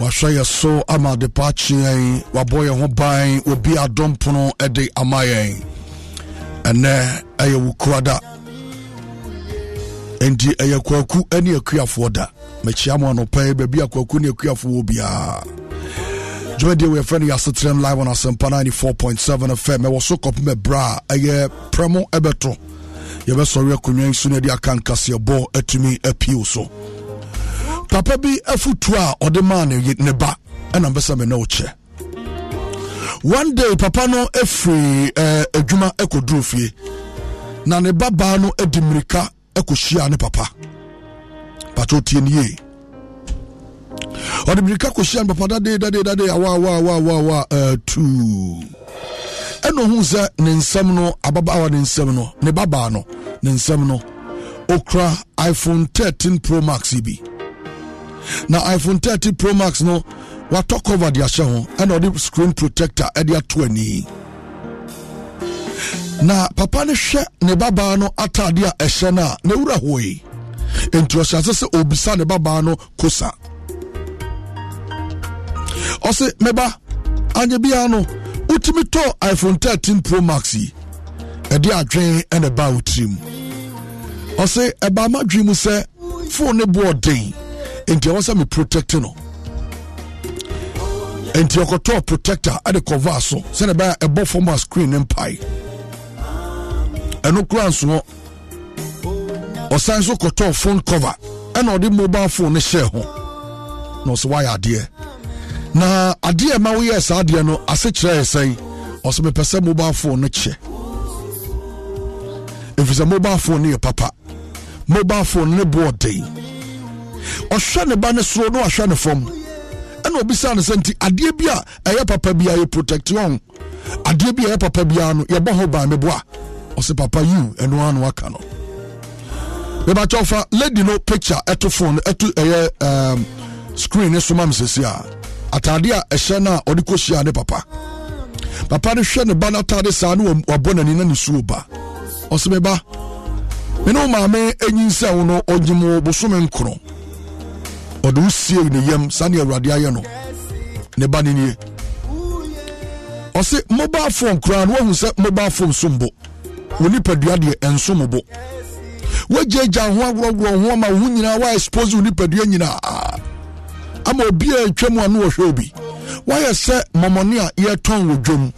wahwɛ yɛ so ama de pa akyeɛn wabɔ yɛn ho ban obi adɔmpono de ama yɛn ɛnɛ ɛyɛ wo kura da enti ɛyɛ kwaku ne akuafoɔ da makyia mo anɔpɛ baabi a kwaku ne akuafoɔ wɔ biara dwumadie wei yɛfrɛ no yɛaseterɛ no live on asɛmpa 94.7 fm ɛwɔ so kɔpem ɛberɛ a ɛyɛ prɛ ɛbɛto yɛbɛsɔre akonnwa yi no adi aka nkaseɛbɔ atumi apio so papa bi afutu a ɔde maa ne ba ɛna mpɛ sɛ me kyɛ one day papa no afiri eh, adwuma ɛkɔ kɔduru fie na ne ba baa no adi mmirika hyia ne papa pato tie ne yie ɔde mmirika hyia ne papa dade dade dade awa uh, tu ɛna ohun sɛ ne nsɛm no ababaawa ne nsɛm no ne babaa no ne nsɛm no okura iphone thirteen pro max yi bi. na iphone thirty pro max no watɔ cover de ahyɛ ho ɛna ɔde screen protector ɛde ato ani na papa no hwɛ ne babaa no atadeɛ a ɛhyɛ no a ne wura hɔ yi enti ɔhyɛ ase sɛ obisa ne babaa no kosa ɔse meba anyɛ biara no wotumi tɔ iphone 13 pro max yi ɛde adwen ɛna ɛbaa wo tirim ɔse ɛbaa ma dwen mu sɛ phone ne boɔ den nti ɛwɔ sɛ me protect no nti ɔkɔtɔɔ protector ɛde cover so sɛne ɛbɛyɛ ɛbɔ fam a screen ne mpae ɛno kora nsoɔ ɔsan so kɔtɔɔ phone cover ɛna ɔde mobile phone no hyɛɛ ho na ɔsɛ woayɛ adeɛ na adeɛ ma woyɛɛ saa adeɛ no ase kyerɛ yɛ sɛn ɔsɛ mepɛ sɛ mobile phone no kyɛ ɛfiri mobile phone ne yɛ papa mobile phone ne boɔ ɔhwɛ ne ba ne soro na ɔhwɛ ne fam ɛna obisa no sɛ nti adeɛ bi a ɛyɛ papa bi a yɛ protect wɔn adeɛ bi a ɛyɛ papa bi a no yɛbɔ ho ban meboa ɔsɛ papa you ɛno ara no aka no mebakyɛw fa lady no picture ɛto phone ɛto ɛyɛ um, screen ne soma me a ataade a ɛhyɛ no a ɔde kɔhyia ne papa papa no hwɛ ne ba no saa ne wabɔ n'ani na ne suo ba ɔsi me ba maame enyi nsɛm no ɔgyim wo bosome nkoro ɔde wo sie ne yam saa ne awurade ayɛ no ne ba ne nie ɔse mobile phone koraa no wahu sɛ mobile phone so mbo wo nipadua deɛ ɛnso mo bo woagyaagya ho aworɔworɔ ho ama wo ho nyinaa woaexpose wo nipadua obi a atwa mu a no wɔhwɛ obi woayɛ sɛ a yɛtɔn wɔ dwom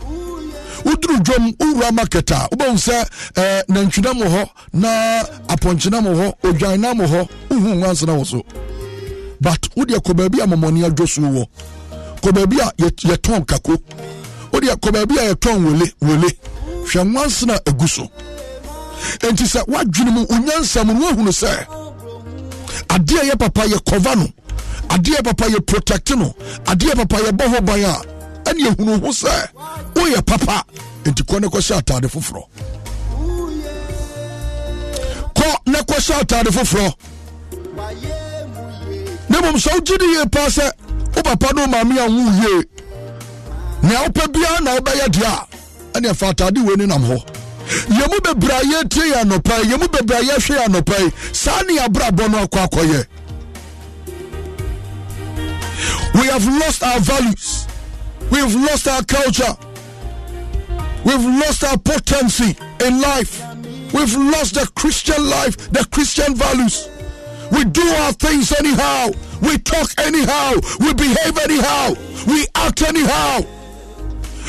woduru dwom wowura market a wobɛhu sɛ eh, hɔ na hɔ hɔ wohu nwansena so but wodeɛ kɔ baabi a mɔmɔne adwo so wɔ kɔ baabi a yɛtɔn kako wodeɛ kɔ baabi a yɛtɔn wele wele hwɛ nwansena agu so enti sɛ woadwene mu onyansam no woahunu sɛ adeɛ yɛ papa yɛ kɔva no adeɛ papa yɛ protect no adeɛ papa yɛbɔ hɔ ban a ɛne ɛhunu ho sɛ woyɛ papa enti kɔ ne kɔhyɛ atade foforɔ kɔ ne kɔhyɛ atade foforɔ sɛ yie paa sɛ wo papa maame a wo nea wopɛ biara na wobɛyɛ deɛ a ɛne ɛfa atade wei ne nam hɔ yɛtie yɛ yɛhwɛ yɛ saa ne yɛabrabɔ no akɔ akɔyɛ we have lost our values we've lost our culture we've lost our potency in life we've lost the christian life the christian values we do our things anyhow. We talk anyhow. We behave anyhow. We act anyhow.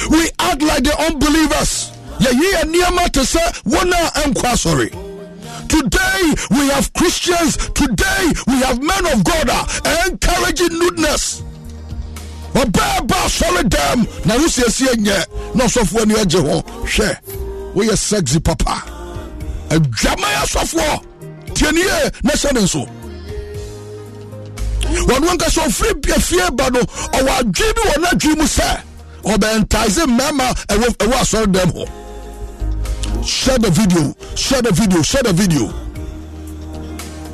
We act like the unbelievers. Yeye niyama to say wana enkwa sorry. Today we have Christians. Today we have men of God uh, encouraging lewdness. ɔbɛɛ ba asɔre dɛm na wosiesie nyɛ na ɔsɔfoɔ ni agye ho hwɛ woyɛ sexy papa adwamayɛ asɔfoɔ tie ne yie na hyɛ ne nso wɔno ankasa ɔfiri biafie ba no ɔwɔ adwe bi wɔ no mu sɛ ɔbɛntaise mmarima ɛwɔ asɔre dɛm hɔ share the video share the video share the video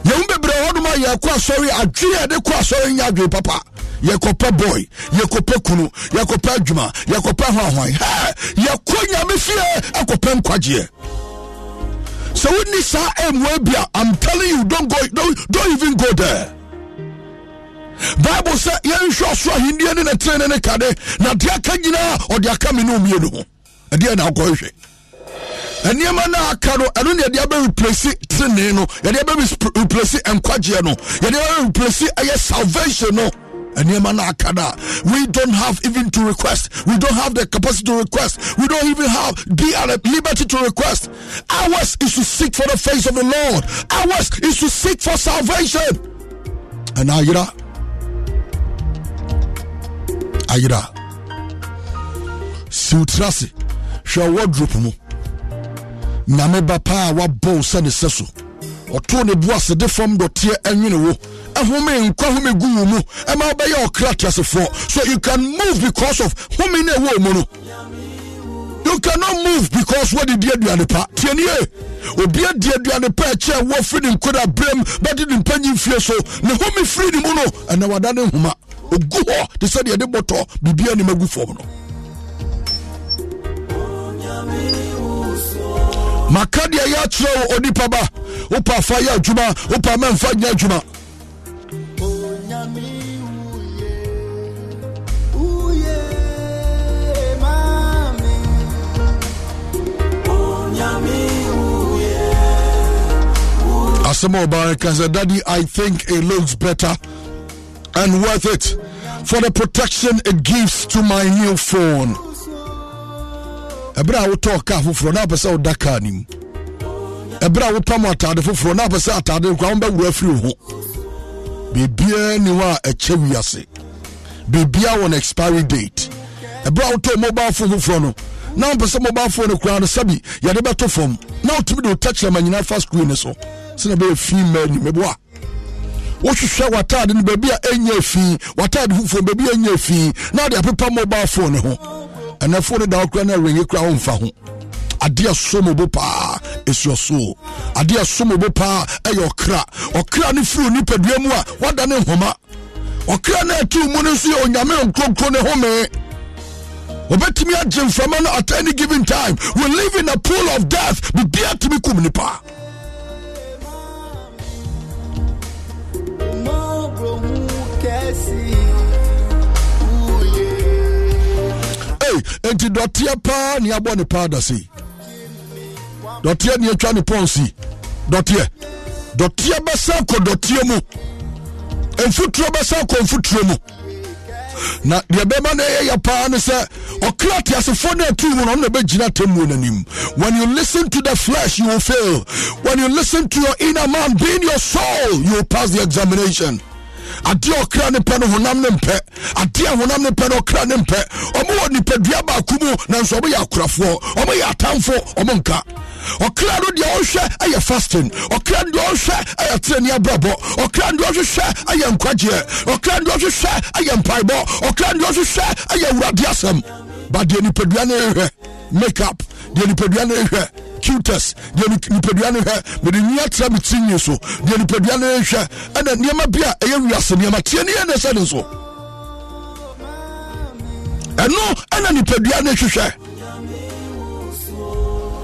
yɛmu bebree hɔnom a yɛkɔ asɔre adwene a yɛde kɔ asɔre nyɛ adwene papa yɛkɔpɛ boy yɛkɔpɛ kunu yɛkɔpɛ adwuma yɛkɔpɛ hwanhwan hɛ yɛkɔ nyame fie akɔpɛ e nkwagyeɛ sɛ wonni saa amwaa bi a i'm telling you don't go don't, don't even go there bible sɛ yɛnhwɛ ɔsoro ahenniɛ ne ne tene ne ne kade na deɛ aka nyinaa ɔde aka me ne omienu ho ɛdeɛ na akɔhwɛ nneɛma no aka no ɛno ne yɛde abɛreplace tene no yɛde abɛreplace nkwagyeɛ no yɛde abɛreplace ɛyɛ salvation no We don't have even to request. We don't have the capacity to request. We don't even have the liberty to request. Ours is to seek for the face of the Lord. Ours is to seek for salvation. And Ayira, Ayira, Siutrasi, Shawadrupumu, Nameba Pa, Wabo, Sani Sesu. ɔtoo ne bu ase de fam dɔteɛ ɛnwene wo ɛhome nkwa home gu wo mu ɛma wobɛyɛ ɔkra teasefoɔ so you can move because of home no ɛwɔ mu no you cannot move because wɔdedi aduane pa tienie obi adi e aduane pa ɛkyɛ wɔfiri ne nkoda berɛm bɛde ne mpanyi fie so ne home firi ne mu no ɛnɛ wada ne nhoma ɔgu hɔ te sɛ e deɛ de bɔtɔ biribia nim agu fam no maka deɛ yɛakyerɛ wo onipa ba wopa fa yɛ adwuma wopa mamfa nyɛ adwuma asɛm a ɔbaa ka daddy i think it looks better and worth it for the protection it gives to my new phone ɛberɛ a wotɔɔ kaa foforɔ na apɛ sɛ woda kaa no mu ɛberɛ a wopam atade foforɔ na apɛ sɛ atade kora wobɛwura afiri wo ho biribiaa ni hɔ a ɛkyɛ wiase biribiaa wɔ no expiry date ɛberɛ a wotɔɔ mobile phone foforɔ no na wopɛ sɛ mobile phone no koraa no sɛbi yɛde bɛto fam na wotumi de wo takyerɛma nyinaa fa screen so sɛna bɛyɛ fii ma anim ɛboa wohwehwɛ w'atade no baabi a ɛnyɛ fii w'atade foforɔ baabi a ɛnyɛ fii na wode apepa mobile phone ne ho ɛnɛ fo ne da okura na ɛwɛnyi kura ɔnfa ho adeɛ som bo paa ɛsi ɔso adeɛ som bo paa ɛyɛ ɔkra ɔkra ne firi nipadua mu a wada ne nhoma ɔkra no atu mu no nso yɛ onyame nkronkro ne home wɔbɛtumi agye mframa no at any given time we live in a pool of death bibia tumi kum nipa enti dɔteɛ paa abɔ ne paa da dɔteɛ atwa ne pɔnsi dɔteɛ dɔteɛ kɔ dɔteɛ mu mfuturo kɔ mfuturo mu na deɛ bɛma paa ne sɛ teasefoɔ atu mu ɔno na when you listen to the flesh you will fail when you listen to your inner man being your soul you will pass the examination adeɛ ɔkra ne pɛ no honam ne mpɛ adeɛ honam ne pɛ no ɔkra ne mpɛ ɔmo wɔ nipadua baako mu nanso ɔmo yɛ akorafoɔ ɔmo yɛ atamfo ɔmo nka ɔkra no deɛ ɔhwɛ ɛyɛ fasting ɔkra no deɛ ɔhwɛ ɛyɛ tenani abrabɔ ɔkra no deɛ ɔhwehwɛ ɛyɛ nkwagyeɛ ɔkra no deɛ ɔhwehwɛ ɛyɛ mpaebɔ ɔkra no deɛ ɔhwehwɛ ɛyɛ awurade asɛm ba deɛ nipadua no ɛhwɛ make up deɛ nipadua no ɛhwɛ cutest deɛ nipadua no hwɛ mede nwi atra me tirinwi so deɛ nipadua no hwɛ ɛna nneɛma bi a ɛyɛ wiase nneɛma tie ne yɛ sɛ ne so ɛno ɛna nipadua no hwehwɛ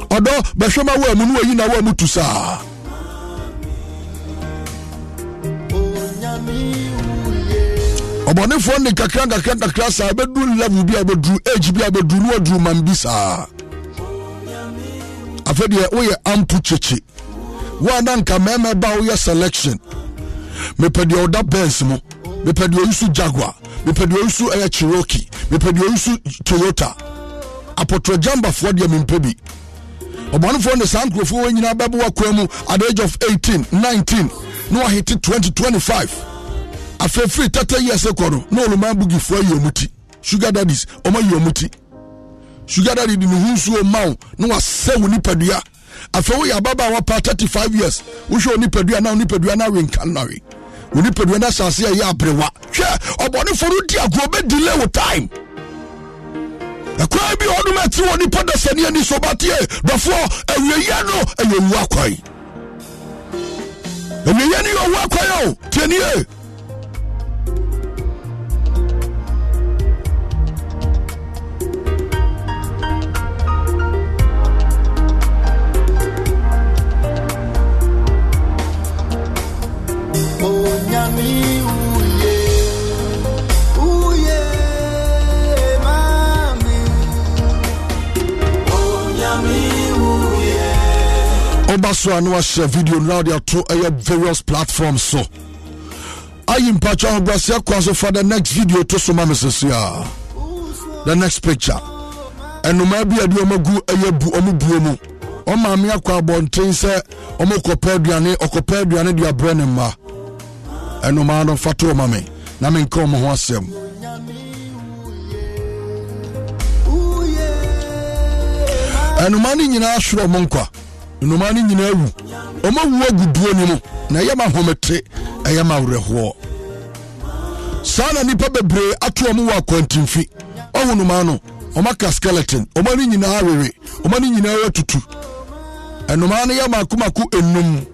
ɔdɔ bɛhwɛ ma wo amu no wayi na wo amu tu saa ɔbɔnefoɔ ne nkakra nkakra nkakra saa bɛduru level bi a bɛduru age bi a bɛduru no waduru man bi saa afei deɛ woyɛ ampu kyekye woana nka mmarima ba woyɛ selection mepɛ deɛ ɔda bens mu mepɛ deɛ ɔyi so jaguar mepɛ deɛ ɔyi so ɛyɛ cherokee mepɛ deɛ ɔyi so toyota apɔtɔrɔgyambafoɔ deɛ mempɛ bi ɔbɔnefoɔ ne saa nkurɔfoɔ wɔ nyinaa bɛbɔ wakwan mu at the age of eighteen, nineteen, na wahete twenty, twenty-five. tata yi ɛsɛ kɔ no na ɔloma bugifoɔ ayi sugar daddies ɔma yi sugar daddy de ne ho nsuo ma wo na wasɛ wo nipadua afei woyɛ ababaa wapa years wohwɛ wo na wo na no awenka no nawe wo nipadua no asase a ɛyɛ aberewa hwɛ di agorɔ bɛdile wo time ɛkwan bi a ɔnom atiri wɔ nipa dasani ani so bateɛ dɔfoɔ awieya no ɛyɛ owu akwan awieya no yɛ owu akwan o tianie ɔba so a na wahyɛ video no na wɔde ato ɛyɛ various platforms so ayi mpatwa ahobrɛseɛ kɔ so fa the next video to so ma me sese a the next picture ɛnomaa bi ade ɔma gu ɛyɛ bu ɔmo buo mu ɔmaame akɔ abɔnten sɛ ɔmo kɔpɛ aduane ɔkɔpɛ aduane de abrɛ ne mma ɛnomaa no fa to ma me na menka ɔmo ho asɛm ɛnoma no nyinaa sorɛ ɔmo nkwa nnoma no nyinaa wu ɔma wu aguduo ni mu na ɛyɛ ma homete ɛyɛ ma awerɛhoɔ saa na nnipa bebree ato ɔmo wɔ akwantimfi ɔho noma no ɔma ka skeleton ɔma no nyinaa awere ɔma no nyinaa atutu ɛnoma no yɛ maakomako enum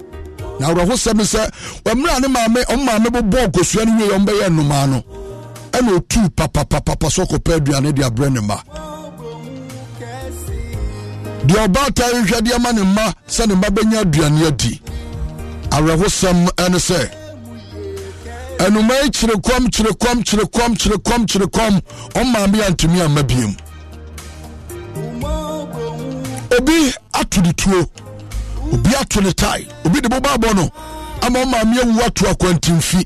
na awerɛho sɛm sɛ mmerɛ ne maame ɔmaame bobɔɔ nkosua no wie ɔmbɛyɛ nnomaa no ɛna ɔtuu papapapapa sɛ ɔkɔpɛ aduane de abrɛ ne mma deɛ ɔbaatan hwɛ de ama ne mma sɛ ne mma bɛnya aduane adi awerɛhosɛm ɛne sɛ ɛnoma yi kyerɛ kɔm kyerɛ kɔm kyerɛ kɔm kyerɛ kɔm kyerɛ kɔm ɔmmaa me amma biam obi ato de tuo obi ato ne tae obi de bobabɔ no ama maame awu ato akwantimfi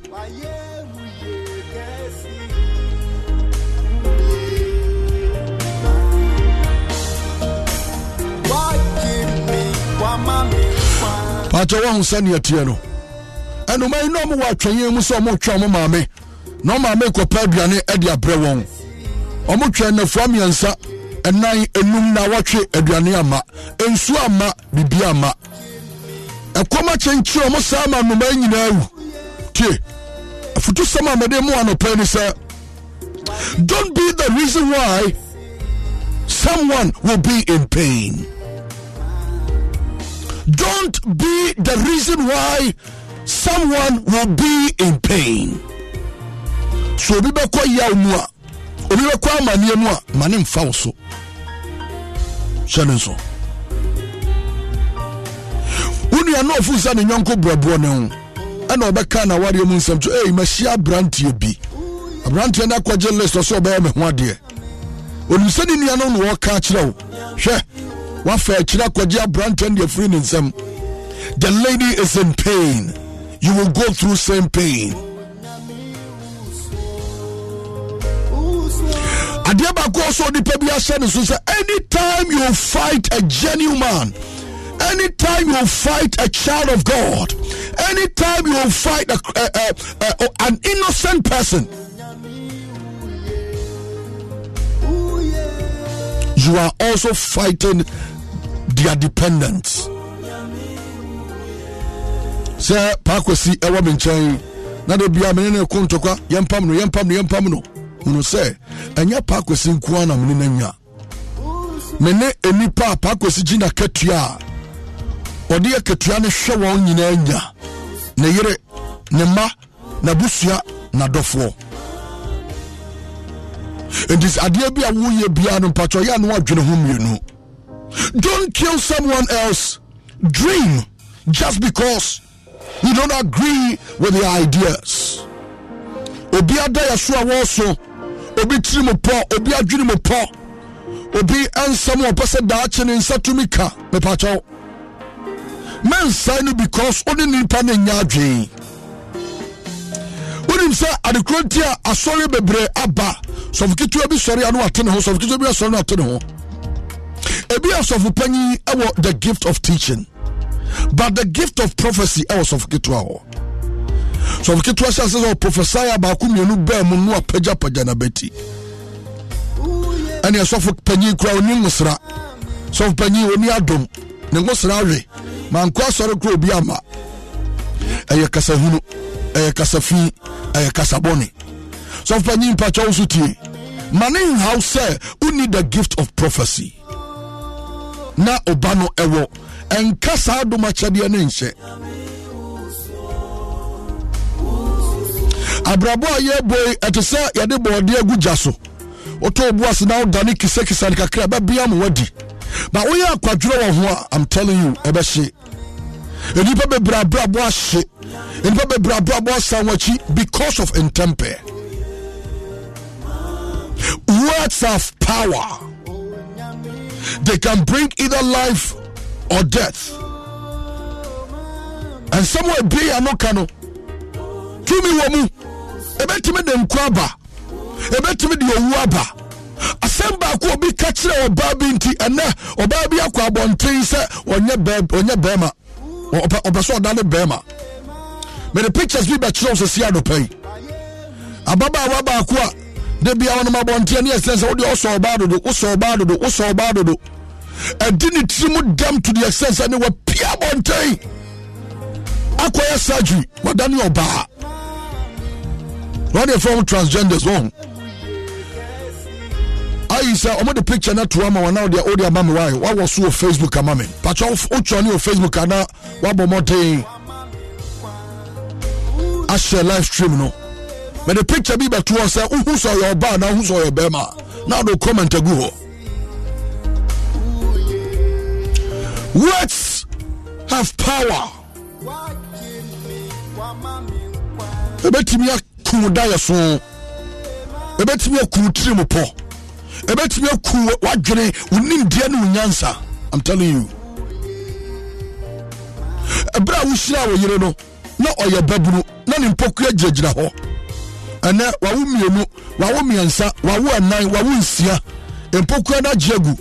paatɛ woaho sɛnea teɛ no ɛnoma yi na ɔmo wɔ atwɛnyɛ mu sɛ ɔmo twa ɔmo maame na ɔmo maame kɔpɛ aduane ɛde abrɛ wɔn ɔmo twɛ nnafua mmiɛnsa ɛnan enum na wɔtwe aduane ama nsu ama bibi ama ɛkɔm akyenkyere ɔmo saa ma nnoma nyinaa wu tie afutu sɛm a mɛde mu anɔpɛ ni sɛ don't be the reason why someone will be in pain don't be the reason why someone will be in pain so obi bɛkɔ yaw mu a obi bɛkɔ amanneɛ mu a ma ne wo so hyɛ ne nso wonua na ɔfo sɛ ne nyɔnko boaboɔ ne ho ɛna ɔbɛka na wareɛ mu nsɛm so ei mahyia aberanteɛ bi aberanteɛ no akɔgye list ɔsɛ ɔbɛyɛ me ho adeɛ onim sɛ ne nua no na wɔka akyerɛ wo hwɛ wafa akyirɛ akɔgye aberanteɛ deɛ firi ne nsɛm the lady is in pain you will go through same pain adeɛ baako ɔsɛ onipa bi ahyɛ ne so sɛ anytime you fight a genuine man Anytime you fight a child of God, anytime you fight a, a, a, an innocent person, you are also fighting their dependence. Sɛ paakwasi ɛwɔ me nkyɛn na de bia mene ne ko ntɔkwa yɛmpam no yɛmpam no yɛmpam no hunu sɛ ɛnyɛ paakwasi nko a na mene no anya mene enipa a paakwasi gyi katua a ɔde akatua no hwɛ wɔn nyinaa nya ne yere ne mma n'abusua n'adɔfoɔ nti adeɛ bi a woyɛ biara no mpatwɛ ɔyɛ a adwene ho mmienu don't kill someone else dream just because you don't agree with their ideas obi ada yɛ so a wɔso obi tiri mu pɔ obi adwene mu pɔ obi ansɛm a ɔpɛ sɛ daakye ne nsa tumi ka mepatwɛw mansan no because wone nipa no nyɛ adwee wonim sɛ adekuro nti a asɔre bebree aba sɔfo ketewa bi sɔre a no wate ne ho sɔfo ketewa bi asɔre no wate ne ho ebi asɔfo panyin ɛwɔ the gift of teaching but the gift of prophecy ɛwɔ sɔfo ketewa hɔ sɔfo ketewa hyɛ sɛ sɛ ɔprofesaya baako mmienu bɛɛ mu no apagyapagya na bɛti ɛne ɛsɔfo panyin kura ɔni nwosra sɔfo panyin oni adom ne nkosra awe manko asɔre kuro bi ama ɛyɛ kasahunu ɛyɛ kasafi ɛyɛ kasabɔne sɔfopanyin mpakyɛw nso tie ma ne nhaw sɛ wonni the gift of prophecy na ɔba no ɛwɔ ɛnka saa dom akyɛdeɛ no nhyɛ abrabɔ a yɛboi ɛte sɛ yɛde bɔɔdeɛ agu gya so wotɔ obu ase na wodane kisakisa no kakra bɛbea ma woadi but woyɛ akwadwerɛ wɔ ho a i'm telling you Ebashi. You ɛbɛhye nnipa bebree abrabɔ ahye nnipa bebree abrabɔ asan wakyi because of intemper words have power they can bring either life or death and somewhere be yɛ anoka no tumi wɔ mu ebɛtumi de nko aba ebɛtumi de owu asɛm baako obi ka kyerɛ ɔbaa bi nti ɛnɛ ɔbaa bi akɔ abɔnten sɛ ɔnyɛ bɛrima ɔpɛ sɛ ɔda ne bɛrima mede pictures bi bɛkyerɛ wo sɛsi adɔpa yi ababaawa baako a da bia wonom abɔnteɛ ne ɛsɛ sɛ wode wosɔ ɔbaa dodo wosɔ ɔbaa dodo wosɔ ɔbaa dodo ɛdi ne tiri mu dam to the extent sɛ ne wapia abɔnten akɔyɛ surgery wadane ɔbaa wɔde fam transgenders wɔn ayi sɛ ɔmo de picture na to ama wɔn na ɔde ɔde ama mi wa yi wawɔ so wɔ facebook ama mi patro otwa ne wɔ facebook ana wabɔ mɔden ahyɛ live stream no mɛde picture bi bɛto to sɛ wohu sɛ ɔyɛ ɔbaa na wohu sɛ ɔyɛ bɛrima na ɔde comment agu hɔ words have power ɛbɛtumi akum da yɛ so ɛbɛtumi akum tirim pɔ ɛbɛtumi aku wadwene wo nimdeɛ ne wo i'm telling you ɛberɛ a wohyiraa wo yere no na ɔyɛ babunu na ne mpokua gyinagyina hɔ ɛnɛ wawo mmienu wawo mmiɛnsa wawo ɛnan wawo nsia mpokua no agye agu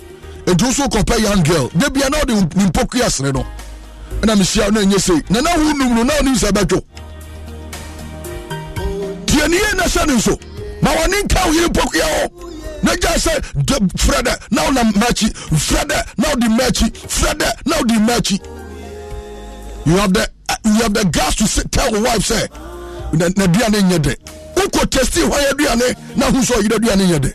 nti so kɔpɛ young girl da bia na ɔde ne mpokua sere no ɛna mehyia na ɛnyɛ sei na na wo num no na ɔnim sɛ ɛbɛtwo tianiyɛ na hyɛ ne nso ma wɔne nka wo yere hɔ na gya sɛ frɛ dɛ na wonam makyi frɛ dɛ na wode makyi frɛ dɛ na wode makyi you have the uh, you have the guts to say, tell your wife say na aduane nyɛ dɛ wokɔ testi hɔ yɛ aduane na ho sɛ ɔyerɛ aduane nyɛ dɛ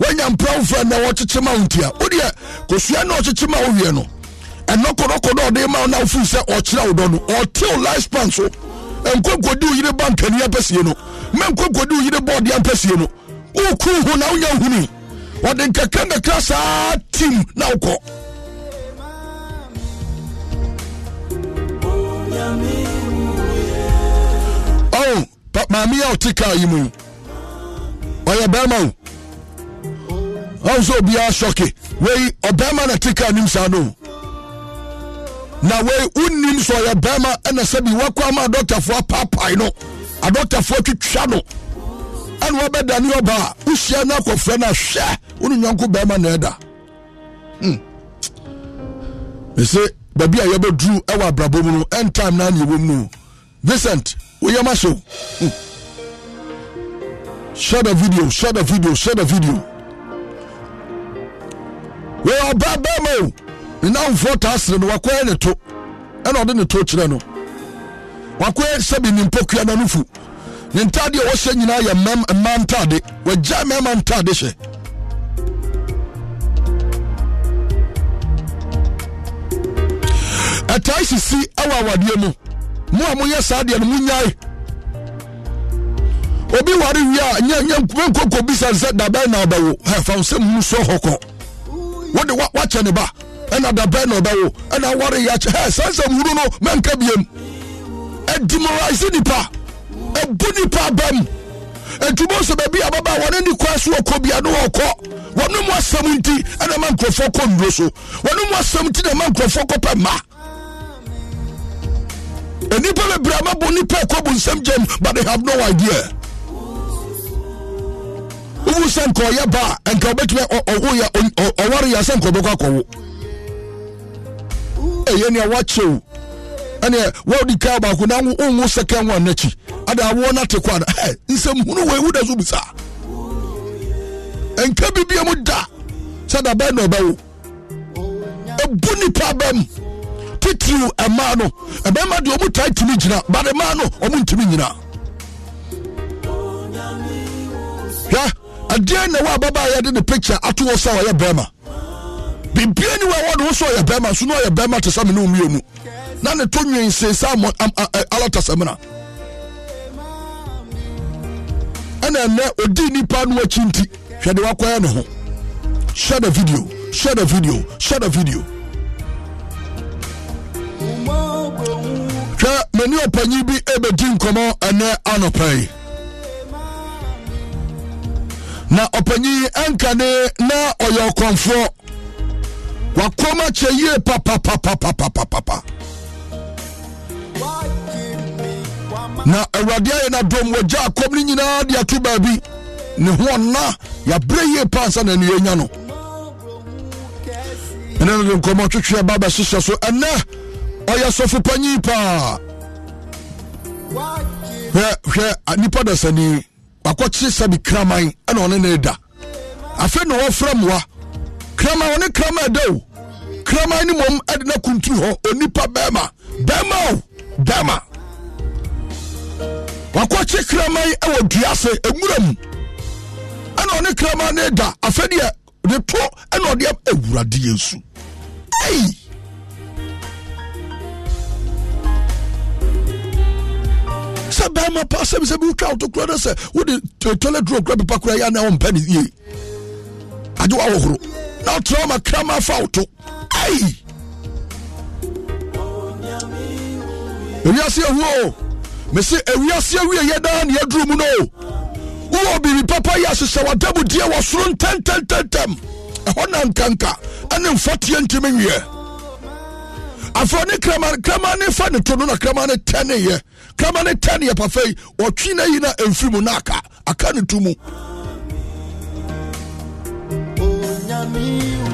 woanya mpra frɛ na wɔkyekye ma wo ntia wodeɛ kosua na ɔkyekye ma wo no ɛnɔ kɔdɔkɔdɔ ɔde ma wo na wofiri sɛ ɔkyerɛ wo dɔ no ɔtew life span so ɛnkɔkɔdi wo ba nkania mpɛsie no ma nkɔkɔdi wo yere bɔɔdeɛ mpɛsie no wokuru na wonya wohunu wɔde nkakra nkakra saa tim na wokɔ oh maame a ɔte kaa yi mu ɔyɛ bɛrima wo ɔn sɛ obiara sɔke wei ɔbɛrima na te kaa nim saa no na wei wonim sɛ ɔyɛ bɛrima ɛna sɛbi bi wakɔ ama adɔtafoɔ apaapae no adɔtafoɔ twitwa no ɛna wɔbɛdane ɔba a wohyia no akɔfrɛ no hwɛ wo ne nyɔnko bɛrima na ɛda mese baabi a yɛbɛduru ɛwɔ abrabɔ mu no ɛntime no aneɛ wɔm no vincent woyɛ ma so share the video share the video share the video wɔyɛ ɔbaa bɛrima o ne namfoɔ taa sere no wakɔɛ ne to ɛna ɔde ne to kyerɛ no wakɔɛ sɛbi ne mpɔkua no no ne ntadeɛ wɔhyɛ nyinaa yɛ mmaa ntade wɔagya mmarima ntade hyɛ ɛtae sisi ɛwɔ awadeɛ mu mo a moyɛ saa deɛ no monyae obi ware wie a menkɔkɔ bisa sɛ dabɛn na ɔbɛwo fa wo sɛ mu so hɔkɔ wode woakyɛ ne ba ɛna dabɛn na ɔbɛwo ɛna wareyɛ akyɛ sɛ sɛ muhuru no mɛnka biam ɛdemorase nipa ɔbu nipa aba mu ɛtumi sɛ baabi a baba wɔne ne kɔ so ɔkɔ bia ne wɔkɔ wɔne mu asɛm nti ɛna ma nkurɔfoɔ kɔ nnuro so wɔne mu asɛm nti na ma nkurɔfoɔ kɔpɛ ma nnipa bebree amabɔ nipa ɛkɔ bu nsɛm gyam but they have no idea wowu sɛ nka ɔyɛ ba a nka wobɛtumi ɔware yɛ sɛ nka ɔbɛkɔ akɔwo ɛyɛ nea woakyɛw ɛnɛ wɔdi kaa baako na wɔnwo second one n'akyi ada awoɔ n'ate kɔ ada ɛ nsɛmuhunu wɔ ewu da so bisa nka bi bia mu da sɛda bɛn na ɔbɛwo ebu nipa bɛm titiriw ɛmaa no ɛbɛrima deɛ ɔmo taa tumi gyina bade maa no ɔmo ntumi nyina hwɛ adeɛ na wɔ ababaa yɛde ne picture ato wɔ sɛ ɔyɛ bɛrima bibia ni wɔ ɛwɔ ne ho sɛ ɔyɛ bɛrima so na ɔyɛ bɛrima te sɛ me ne omienu na ne to nwin se sa alata samina ɛna ɛnɛ odi nipa no akyi nti hwɛ de wakɔyɛ ne ho share the video share the video share the video hwɛ mani ɔpanyin bi ɛbɛdi nkɔmɔ ɛnɛ anɔpɛ yi na ɔpanyin nkane na ɔyɛ ɔkɔnfoɔ wakɔm akyɛ yie papapapapapapa. Pa, pa, pa, pa, pa, pa, pa. na awurade ayɛ no dom wɔgya akɔm no nyinaa de ato baabi ne ho ɔna yɛabrɛ yie paa nsa na neyɛnya no ɛne no de nkɔmmɔ twetwe ba bɛhyehyɛ so ɛnɛ ɔyɛ sɔfo panyin paa hwɛ hwɛ nipa dasani wakɔkye sɛbi kraman ɛna ɔne ne da afei na wɔfrɛ mmoa kraman ɔne kraman ɛda o kraman ne mmom ɛde no akunturu hɔ onipa bɛrima bɛrima o dama wakɔkye kraman yi wɔ dua ase nwura mu ɛna ɔne kraman ne da afɛdeɛ ne to ɛna ɔde awurade yɛn su ɛyi. sɛ bɛrima pa sɛ sɛ biwotwa woto kora no sɛ wode tole duro kora bipa kora yɛ na wompɛ ne yie ade woahohoro na wotrɛ ma krama fa woto ai ewiase ehu o mesi ewiase ewie yɛ dan na yɛduru mu no wowɔ biribi papa yɛ ahyehyɛ w'adamu die wɔ soro ntɛntɛntɛntɛm ɛhɔ na nkanka ɛne mfɔteɛ ntumi nwiɛ afɔ ne kraman kraman ne fa ne to no na kraman ne tɛ ne yɛ kraman ne tɛ ne yɛ papa yi wɔtwi na yi na efiri mu na aka aka ne tu mu. onyami.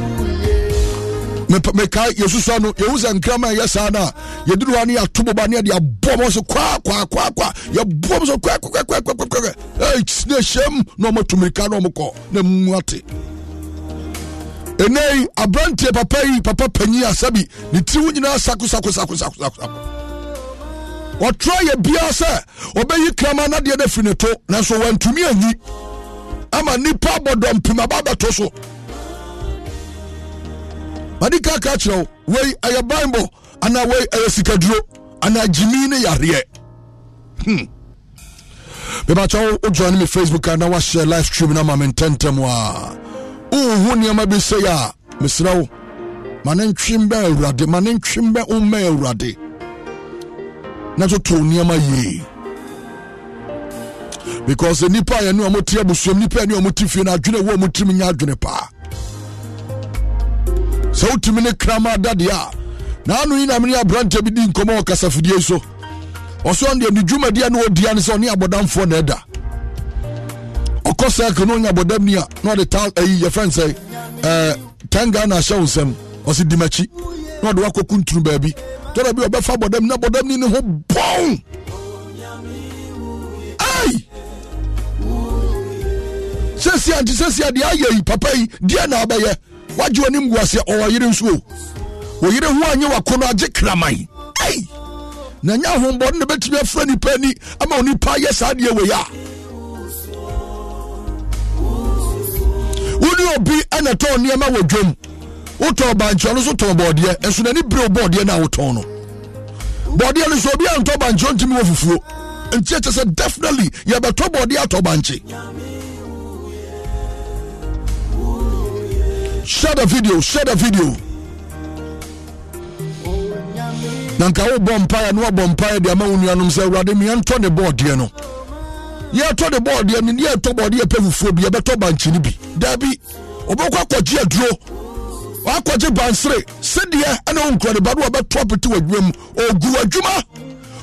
mekae yɛsusua no yɛhu sɛ nkrama ɛyɛ saa no a yɛduru no yɛato ne yɛde abɔ mɔ so kwa kwa yɛbɔ m so kwakwakwakwakwakwakwa na ɔmato na ɔmokɔ na mu ate ɛnɛi aberanteɛ papa yi papa panyi asabi ne wo nyinaa sakosakosakosakosako ɔtrɔ yɛ biara sɛ ɔbɛyi krama no no firi ne to nanso wantumi ama nnipa abɔdɔmpim aba so Mani ka ka kyerɛ wo wei ɛyɛ bible anaa wei ɛyɛ sikaduro anaa gyimi ne yareɛ hmm. mebakyɛ wojoine me facebook a na woahyɛ live stream na ma me ntɛntɛm a wohu nneɛma bi sɛi a mesrɛ wo ma ne ntwe mbɛ awurade ma ne ntwe mbɛ wommɛ awurade na toto nneɛma yie because nnipa a yɛne a mote abusuam nnipa a ne a mote fie no adwene wɔ motirim nyɛ adwene paa sɛ wotumi ne krama dadeɛ a naano yi namene aberantɛ bi di nkɔmmɔ wɔ kasafidie so ɔsɔn deɛ ne dwumadiɛ ne wɔdia ne sɛ ɔne abɔdamfoɔ na ɛda ɔkɔ sɛke ne ɔnya abɔdam ni a na ɔde ta ayi yɛfrɛ n sɛ tan na ahyɛ wo nsɛm ɔse di na ɔde wakɔku ntunu baabi tɔda bi ɔbɛfa abɔdam na abɔdam ni ne ho bɔn ai sɛsia nti sɛsia deɛ ayɛ yi papa yi deɛ na abɛyɛ wagye w'anim gu aseɛ ɔwɔ yere nso o wɔyere ho anyɛ wako no agye kraman ei na ɛnyɛ ahombɔne na bɛtumi afura nipa ani ama onipa yɛ saa deɛ wei a wone obi ɛna tɔn nneɛma wɔ dwom wotɔn bankyerɛ no so tɔn bɔɔdeɛ ɛnso n'ani bere wo bɔɔdeɛ no a wotɔn no bɔɔdeɛ no so obi antɔ bankyerɛ ntumi wɔ fufuo nti ɛkyɛ sɛ definitely yɛbɛtɔ bɔɔdeɛ atɔ bankye share the video share the video na nka wobɔ mpaeɛ na wabɔ mpaeɛ de ama wo nuanom sɛ awurade mmea ntɔ ne bɔɔdeɛ no yɛtɔ ne bɔɔdeɛ no yɛtɔ bɔɔdeɛ pɛ fufuo bi yɛbɛtɔ bankyini bi daabi ɔbɛkɔ akɔgye aduro wakɔgye bansere sedeɛ ɛna wo nkura ba no wɔbɛtɔ apete w'adwuma mu ɔgu w'adwuma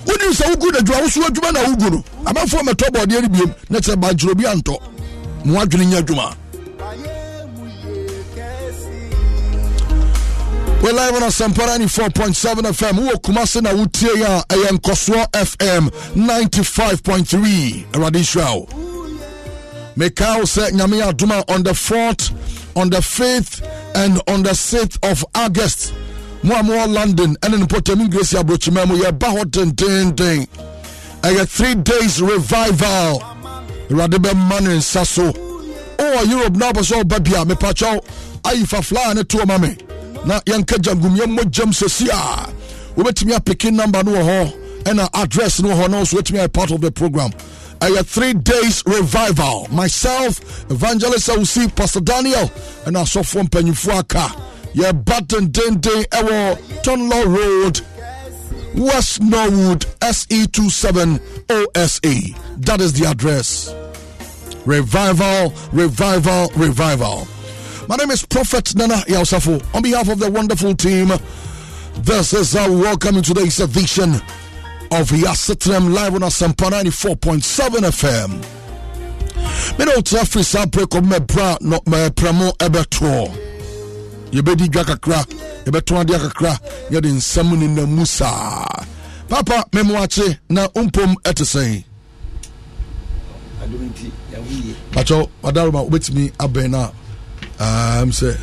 wonim sɛ wogu n'adwuma wo so adwuma na wogu no amanfoɔ mɛtɔ bɔɔdeɛ no biem na kyerɛ bankyerɛ obi antɔ mo adwene nyɛ adwuma We're live on Samparani 4.7 FM. Who Kumase na wutie ya ɛyɛ nkɔsoɔ FM 95.3 Awurade nhyira wo. Meka wo sɛ on the 4th, on the 5th and on the 6th of August mo a mowɔ London And no Potami Grace Abrochima mu yɛba hɔ dendenden. Aya 3 days revival. Awurade bɛma ne nsa so. Europe na wopɛ sɛ woba bia mepatwɛw ayifa flyer ne toɔ ma na yɛnka gyamgum yɛmmɔ gyam sɛsi a wobɛtumi apeke number no wɔ hɔ ɛna address no wɔ hɔ na wo so wobɛtumi ayɛ part of the program ɛyɛ three days revival myself evangelist awusi pastor daniel ɛna asɔfoɔ mpanyimfoɔ aka yɛba dendenden ɛwɔ tonlaw road west norwood se27 osa that is the address revival revival revival my name is Prophet Nana Yausafu. On behalf of the wonderful team, this is our welcome to today's edition of Yasitrem live on Asampa 94.7 FM. Me no traffic sa break of me bra no me pramo ebetro. Yebedi gakakra, yebetro adi akakra, yedi nsamu ni na musa. Papa memoache na umpom etesen. Pacho, madaruma me, abena. Ah, m sɛ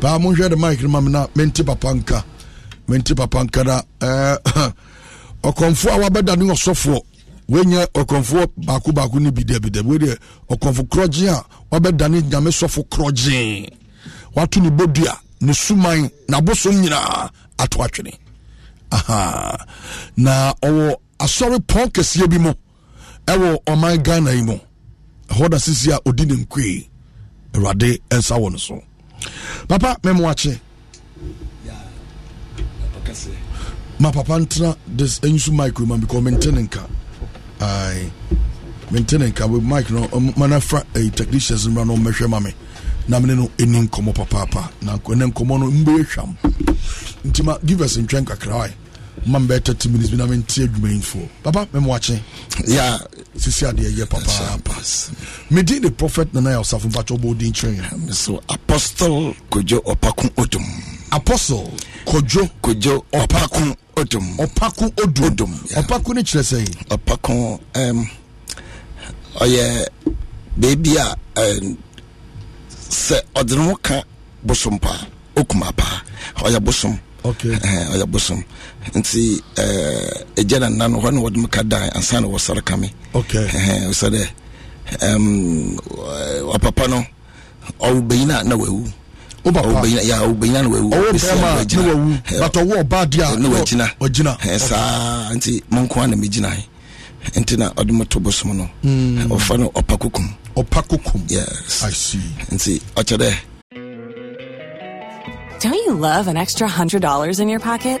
paa monhwɛ de mike no ma me na mente papa nka mente papa nka na ɔkɔmfoɔ eh, a wabɛda ne ɔsɔfoɔ wenya ɔkɔmfoɔ baako baako ne bidabidabi wedeɛ ɔkɔmfo korɔgye a wabɛda ne nyame sɔfo korɔgyee wato ne bodua ne suman n'abosom nyinaa ato atwene na ɔwɔ asɔre pɔn kɛseɛ bi mu ɛwɔ ɔman ghana yi mu ɛhɔ da sisi a ɔdi ne nkoe awurade nsa wɔ no so papa memoakye ma papa ntena this nsu mic ma because mente ne nka ae mente ne nka mic no mana fra eh, technicians mmra no mmɛhwɛ ma me na mene no ɛni nkɔmmɔ papaapa na ɛne nkɔmmɔ no mbɛyɛ hwam nti ma give us ntwɛn kakraa ma mbɛ thirty minutes bi na mi n ti adwumayinfoɔ papa mɛ mo akye. ya sisi adeɛ yɛ papa mi di the prophet nana yɛ ɔsafo mpatsɔ bɔ odi nkyɛn yɛ. so apostle kojo ɔpakun odum. apostle kojo kojo ɔpakun odum. ɔpakun odum odum yeah. ɔpakun ne kyerɛ sɛ. ɔpakun ɛm ɔyɛ beebi a ɛn sɛ ɔdini ho ka bosom paa okuma paa ɔyɛ bosom. okay ɛɛ eh, ɔyɛ bosom nti ɛgya eh, na nna no hɔ na wɔde mu ka dan ansa na wɔsɔre ka sɛ dɛ ɔpapa no ɔwobɛyina na wawu wobɛyina na wawuwagyina saa nti mo na megyinae nti na ɔde moto bosom no hmm. ɔfa no ɔpa kokum ɔpa kokum yes nti ɔkyɛ dɛ Don't you love an extra $100 in your pocket?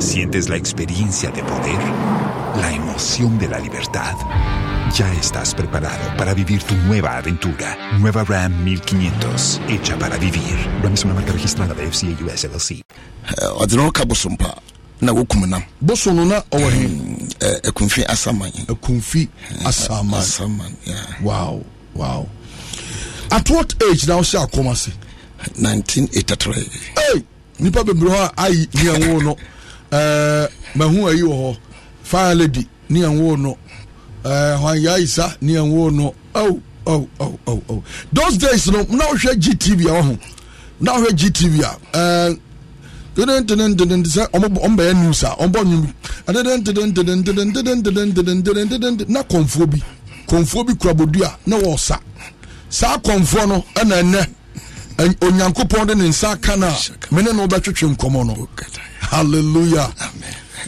Sientes la experiencia de poder, la emoción de la libertad. Ya estás preparado para vivir tu nueva aventura. Nueva Ram 1500, hecha para vivir. Ram es una marca registrada de FCA US LLC. na wokum nam boso no na ɔwɔ he mm, eh, asaman akumfi asaman asaman yeah. wow wow at what age na wohyɛ akɔm ase 1983 hey! nipa bebree hɔ a ayi neanwo no Eh, mahu ayi wɔ hɔ Fire lady ne ɛnwo no eh, hwanya isa ne ɛnwo no oh, oh, oh, oh, oh. those days no na wohwɛ gtv a wɔ ho na wohwɛ gtv a sɛ ɔmbɛyɛ news a ɔmbɔ nwum na kɔnfoɔ bi kɔnfoɔ bi kura bodua na wɔɔsa saa kɔnfoɔ no ɛna ɛnɛ onyankopɔn de ne nsa ka no a mene na wobɛtwetwe nkɔmmɔ no hallelujah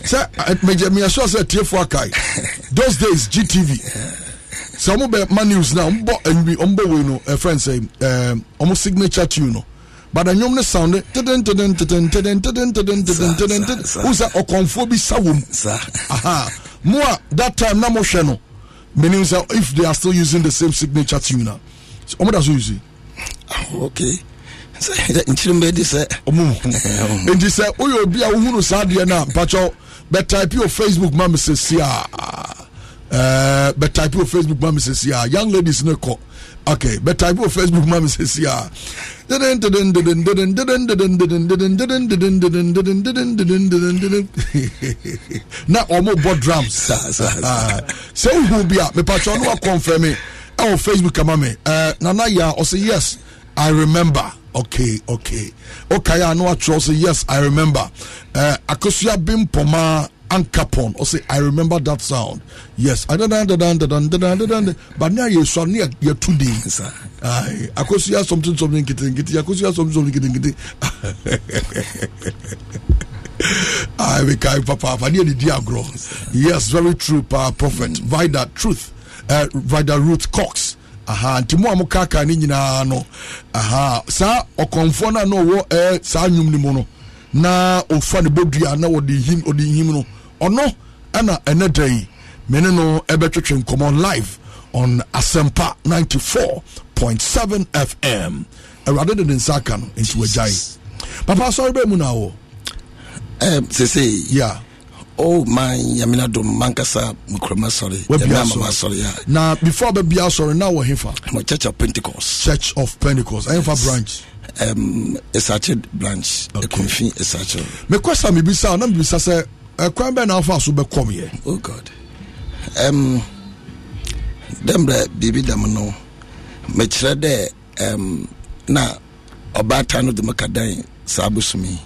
sɛ meyɛsɛ sɛ tiefo akae those days gtv sɛ ɔmo bɛ ma news na ɔmbɔ awi ɔmbɔ wei no ɛfrɛ n sɛ ɔmo signature tune no but ɛnwom no sound wo sɛ ɔkɔmfoɔ bi sa wɔ mu mo a ah, that time na mohwɛ no menim sɛ ah, if they are still using the same signature tune a ɔmo da so use ah, okay nkyirimbɛdi sɛ ɔmumu nti sɛ woyɛ obi a wohunu saa deɛ no a mpakyɛw bɛtype o facebook ma me sɛsi a bɛtype o facebook ma me sɛsi a young ladies ne kɔ okay bɛtype o facebook ma me sɛsi a na ɔmobɔ drums sɛ wohu bi a mepakyɛw ne wakɔmfrɛ me ɛwɔ facebook ama me nana yɛ a ɔsɛ yes i remember okay okay okay i know what you say yes i remember uh eh, bim poma ankapon or oh, say i remember that sound yes i don't understand but now you saw near your two days i akosia something something kitty kitty akosia something something kitty kitty I became papa. I need the agro. Yes, very true, uh, prophet. Mm. Vida Truth, uh, eh, Vida Ruth Cox aha nti mu a mo kaka ne nyinaa no aha saa ɔkɔnfoɔ no a na ɔwɔ ɛɛ saa nnwom no mu no na ofa ne bodua na ɔde him ɔde him no ɔno ɛna ɛnɛ da yi mene no ɛbɛtwetwe nkɔmɔ live on asempa ninety four point seven fm awurade de ne nsa aka no nti wagyae papa asɔre bɛɛ mu na awɔ. ɛɛ sese. ya. Yeah oh man yamina do mankasa mukurama sɔre yamina mama sɔre ya. na before bɛ bia sɔre na wɔ hinfa. mo church of pentecost. church of pentecost ɛyinfa yes. branch. Um, esache branch ekunfin okay. esache. mekwasa mi bisa me bisa sɛ ɛkwan bɛ n'afa so bɛ kɔm yɛ. oh god um, dɛmbrɛ Bibi dam no mekyerɛ dɛ um, na ɔbaatan eh, eh, eh, no de meka dan saa bosom yi.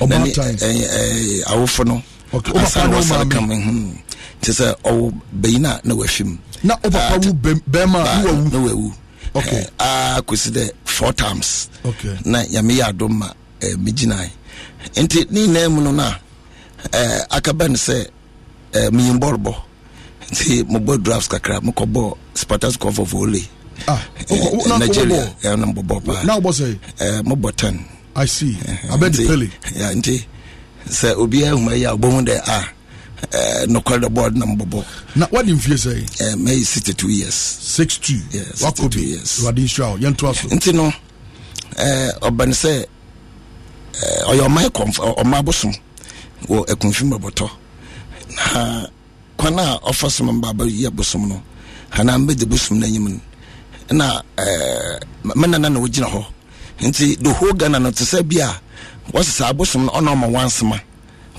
ɔbaatan ɛɛ awofo no. nti ɔwo bɛyi no a na wahwe na wopapa wo bɛma na wawu a kɔsi eh, ah, dɛ four times na yameyɛ adom ma eh, megyinae nti ne nyinaa mu no no a eh, akaba no sɛ eh, meyimbɔrebɔ nti mobɔ drafts kakra mokɔbɔ spatas kɔfɔ volley ah, eh, nigeria ɛnambɔbɔ paa mobɔ 10 nti sɛ obiara ahoma yi a wobɛhu dɛ a ah, eh, nokware the board na mbɔbɔ na wade mfie sɛ eh, mayi two years 62 yes, wakɔ bi wade nhyira wo yɛntoa so nti no eh, ɔbɛne sɛ ɔyɛ ɔma ɔma abosom wɔ akumfi mbɔbɔtɔ na kwan a ɔfa so ma mbaaba yi abosom no anaa mbɛdi bosom no anim no na mɛnana na wogyina hɔ nti the whole ghana no te sɛ bi wɔsi saa abosom no ɔna ɔma wansoma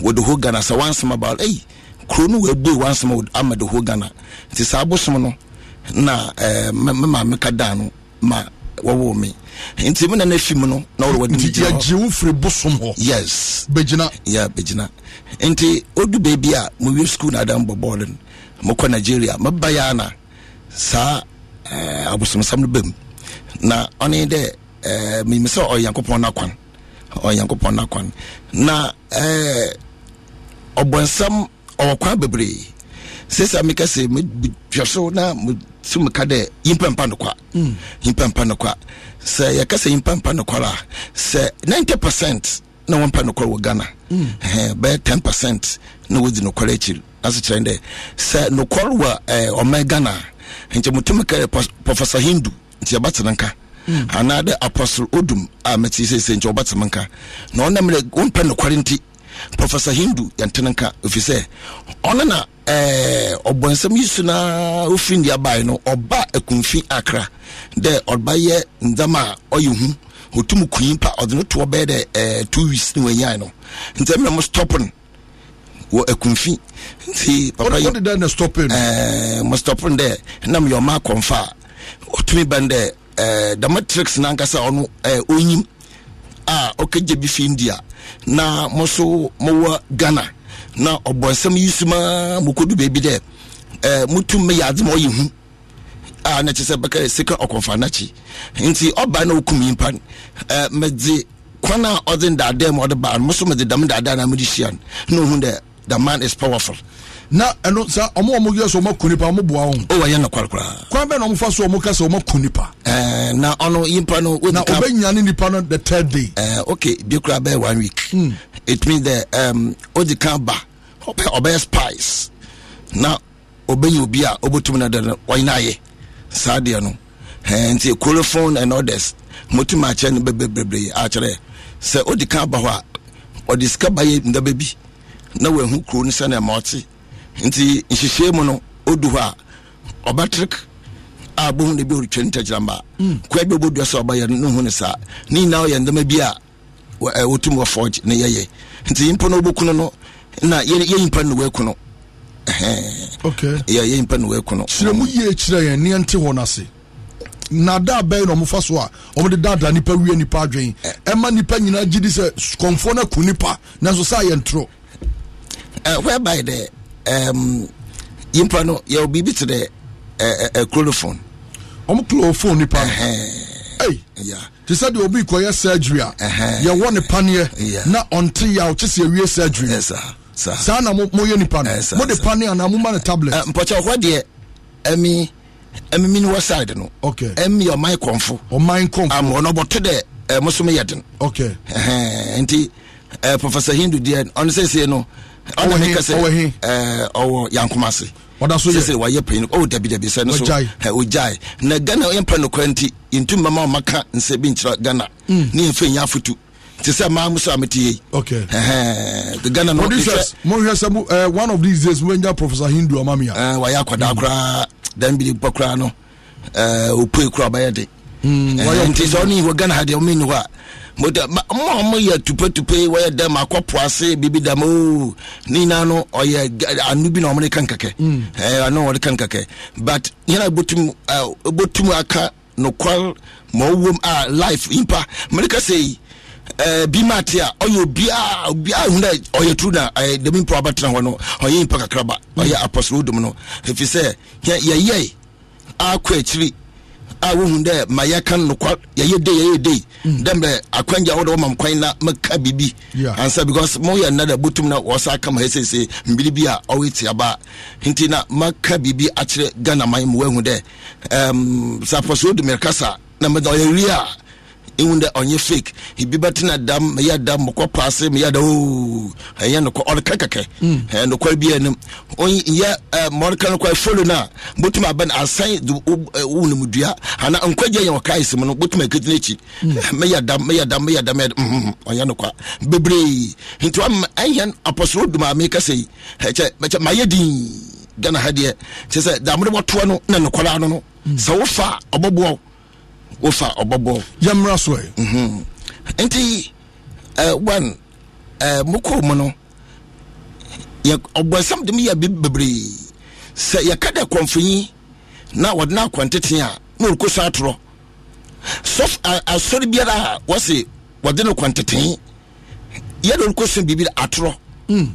wɔ the whole ghana sɛ wansoma ba ɛyi kuro no wɔabue wansoma ama the whole ghana nti saa abosom no na ɛɛ eh, mɛ maame ka dan no ma wɔwɔ mi nti mu nana fi mu no na wɔde wɔde mi gyina hɔ nti yagye wo firi bosom hɔ yes bɛgyina yeah bɛgyina nti odu beebi a mo wi sukuu na adan bɔ bɔɔlo no mo kɔ nigeria mo ba ya na saa ɛɛ eh, abosomsam no bɛm na ɔne dɛ ɛɛ eh, mímisa ɔyɛ nkɔpɔn n'akwan. ɔnyankopɔn no kwan na eh, ɔbɔnsɛm ɔwɔ kwan bebree sesa meka sɛ mehwɛ so na so meka dɛ yimpa mpa nokwa mm. yimpa mpa nokwa sɛ yɛka sɛ yimpa mpa nokwar a sɛ 90 percent na wɔmpa nokwar wɔ ghana mm. bɛyɛ 10 percent na wɔdi nokwar akyiri ase kyerɛ dɛ sɛ nokwar wɔ eh, ɔma ghana nti mutum ka professor hindu nti yɛbɛtena nka na dɛ apostle odum a mɛte sɛsɛ nkyɛ wɔbɛteme nka na ɔnam dɛ wompɛ nokware nti professor hindu yɛntene nka ɛfiri sɛ ɔno na eh, ɔbɔnsɛm yi so naa ɔfiri ndeɛ bae no ɔba akumfi akra dɛ ɔbayɛ ndama a ɔyɛ hu ɔtum kui pa ɔde no toɔ bɛyɛ dɛ eh, two weeks ne wanyae no nti ɛmena mo stɔpen wɔ akumfi nti papamostɔpen eh, dɛ nam yɛ ɔma akɔmfa a ɔtumi bɛn dɛ Eh, the matrix nankasa ɔno ɔnyim eh, a ah, ɔkɛgye bi fi india na mo so mowɔ ghana na ɔbɔnsɛm yi suma mokɔdu baabi dɛ eh, motum meyɛ adze ma ɔyɛ hu a na kyɛ sɛ bɛka sika ɔkɔmfa nakyi nti ɔba na ɔkum yi mpa medze kwan a ɔdze ndaadaa mu ɔde baa no mo so medze dɛm ndaadaa na mede hyia no na ohu dɛ the man is powerful na ɛno sa ɔmo ɔmo yɛ so ɔmo kun nipa ɔmo boa wɔn. o wa yɛ nɔkɔrɔ kura. kwan bɛɛ na ɔmo fa so ɔmo kasa ɔmo kun nipa. ɛɛ na ɔno yipa no. na ɔbɛ nya ne nipa no the third day. ɛɛ okay bi kura one week. Hmm. it means that um, o di kan ba ɔbɛ ɔbɛ spice na ɔbɛ yi obi a ɔbɛtum na dɛ ɔyi na ayɛ saa deɛ no and others mo ti no bebree akyerɛ sɛ o di kan ba hɔ a ɔdi sika ba yɛ bi na wɔn ehu kuro no sɛ ɔte. nti nhyehyɛ mu no ɔdu hɔ a ɔbɛtrik a bohu no bi ɔretwa ntagyiramba hmm. kwa bi ɔbɔdua sɛ ɔbayɛ no hu no saa ne nyinaa ɔyɛ ndɛma bi a wɔtum eh, wɔ ne yɛyɛ nti no no na yɛnyimpa no waaku no yɛnyimpa no waaku no kyerɛ mu yie kyerɛ neɛ nte hɔ no ase na ɔmofa so a ɔmode daadaa nipa wie nipa adwen eh. ɛma nipa nyinaa sɛ kɔmfoɔ no aku nipa nanso sɛ ayɛ ntoro eh, whereby the um, yimpa no yɛwɔ biribi te dɛ uh, uh, clorophone ɔmo clorophone nipa no te sɛ deɛ obi kɔyɛ surgery a yɛwɔ ne paneɛ na ɔnte yɛ a ɔkye sɛ awie surgery yes, saa na moyɛ nipa no mode paneɛ anaa moma ne tablet mpɔkyɛ hɔ deɛ ɛmi ɛmi mi ni wɔ side no ɛmi yɛ ɔman kɔnfo ɔman kɔnfo amu ɔno bɔtɔ dɛ ɛmo so mi yɛ den nti professor hindu deɛ ɔno sɛ sɛ no. Okay ɔwɔ ɔwɔ yankomase ɔda so yɛ sɛ wayɛ panyin ɔwɔ dabi dabi sɛ no so ɛ na ghana yɛmpa nokorɛ nti yɛntumi mama ɔmaka nsɛ bi nkyerɛ ghana hmm. ne yɛmfa nya afotu te sɛ maa muso a yei ghana no mohwɛ sɛ eh, one of these days mobɛnya professor hindu amamea eh, wayɛ akwadaa hmm. koraa dan bi de bɔ koraa no eh, ɔpue koraa ɔbɛyɛ de hmm, nti sɛ ɔne hɔ ghana hadeɛ ɔmɛni hɔ a mota ma ɔmo yɛ tupetupe wɔyɛ dɛm akɔpo ase bibi dɛm ooo ne nyinaa no ɔyɛ anu bi na ɔmo de kan kɛkɛ ɛɛ anu ɔmo de kan kɛkɛ but yɛn a botum ɛɛ botum aka nokwal ma ɔwom a ah, life impa mɛrika sɛ yi ɛɛ bi maa ti a ɔyɛ obiara obiara hun dɛ ɔyɛ turu na ɛɛ dɛmi mpɔ abatena hɔ no ɔyɛ impa kakraba ɔyɛ mm. apɔsoro dum no efisɛ yɛ yɛ yɛ akɔ akyiri a wohu dɛ ma yɛka nokwa yɛyɛ dei yɛyɛ dei mm. dɛ mbrɛ akwangya wode womam kwan na mɛka biribi ansa because moyɛ nna da botum na wɔsa ka ma ɛsesei mbiri bi a ɔwe tiaba nti na maka biribi akyerɛ ghana man mu woahu dɛ um, sɛ apɔ so na meda ɔyɛ a ehun dɛ ɔnyɛ fake ibi bɛ tena dam meyɛ dam mɔkɔ paase meyɛ da ooo ɛyɛ nɔkɔ ɔrekɛ kɛkɛ ɛyɛ nɔkɔ bi ɛnim onyɛ ɛ mɔreka nɔkɔ efolo na botuma abɛn asan do o wunum eh, dua ana nkɔgye yɛn ɔka esim no botuma ekete n'ekyi hmm. meyɛ dam meyɛ dam meyɛ dam ɛyɛ mhm ɔnyɛ hmm, hmm. nɔkɔ bebree nti wɔn ɛyɛ apɔsoro dum a mekasa yi ɛkyɛ ɛkyɛ mayɛ din ghana ha deɛ kyɛ sɛ dam de wɔtoɔ no na nɔkɔla ano, no sɛ wofa ɔbɛboawo wofa ɔbɔbɔ. yamura so ɛ. Mhm. nti ɛɛ uh, one ɛɛ uh, mokɔ mu no yɛ ɔbɔnsam de mi yɛ bebree sɛ yɛka dɛ kɔnfonyi na wɔde na akɔntete a na oriko so atorɔ sɔf asɔre biara a wɔsi wɔde no kɔntete yɛ na oriko so biribi atorɔ. Mm.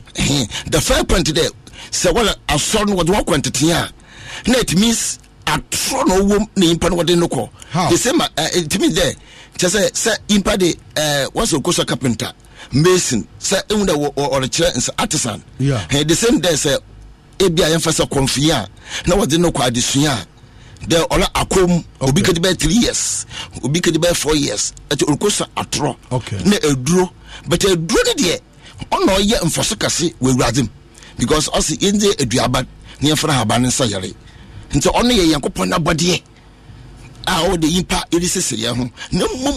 the fair point de sɛ wɔn asɔre no wɔde wɔn kɔntete a na it means atorɔ na ɔwɔ mu na nipa no wɔde no kɔ the same ɛtumi dɛ kyɛ sɛ sɛ nipa de ɛɛ wɔsɛ ɔkɔ sɛ kapenta mason sɛ ehu dɛ ɔrekyerɛ nsa artisan ɛɛ the same day, sɛ ebi a yɛmfa sɛ kɔnfin a na wɔde no kɔ adesua a dɛ ɔlɛ akom obi kadi bɛ three years obi kadi bɛ four years ɛti ɔkɔ sɛ atorɔ na aduro bɛtɛ aduro ne deɛ ɔna ɔyɛ mfɔso kase wɔ awuradem because ɔsi yɛn de aduaba ne yɛn fana haba ne nsa yɛre nti ɔno yɛ nyankopɔn nabɔdeɛ a ɔde yipa ɛde sesereɛ ho na mmom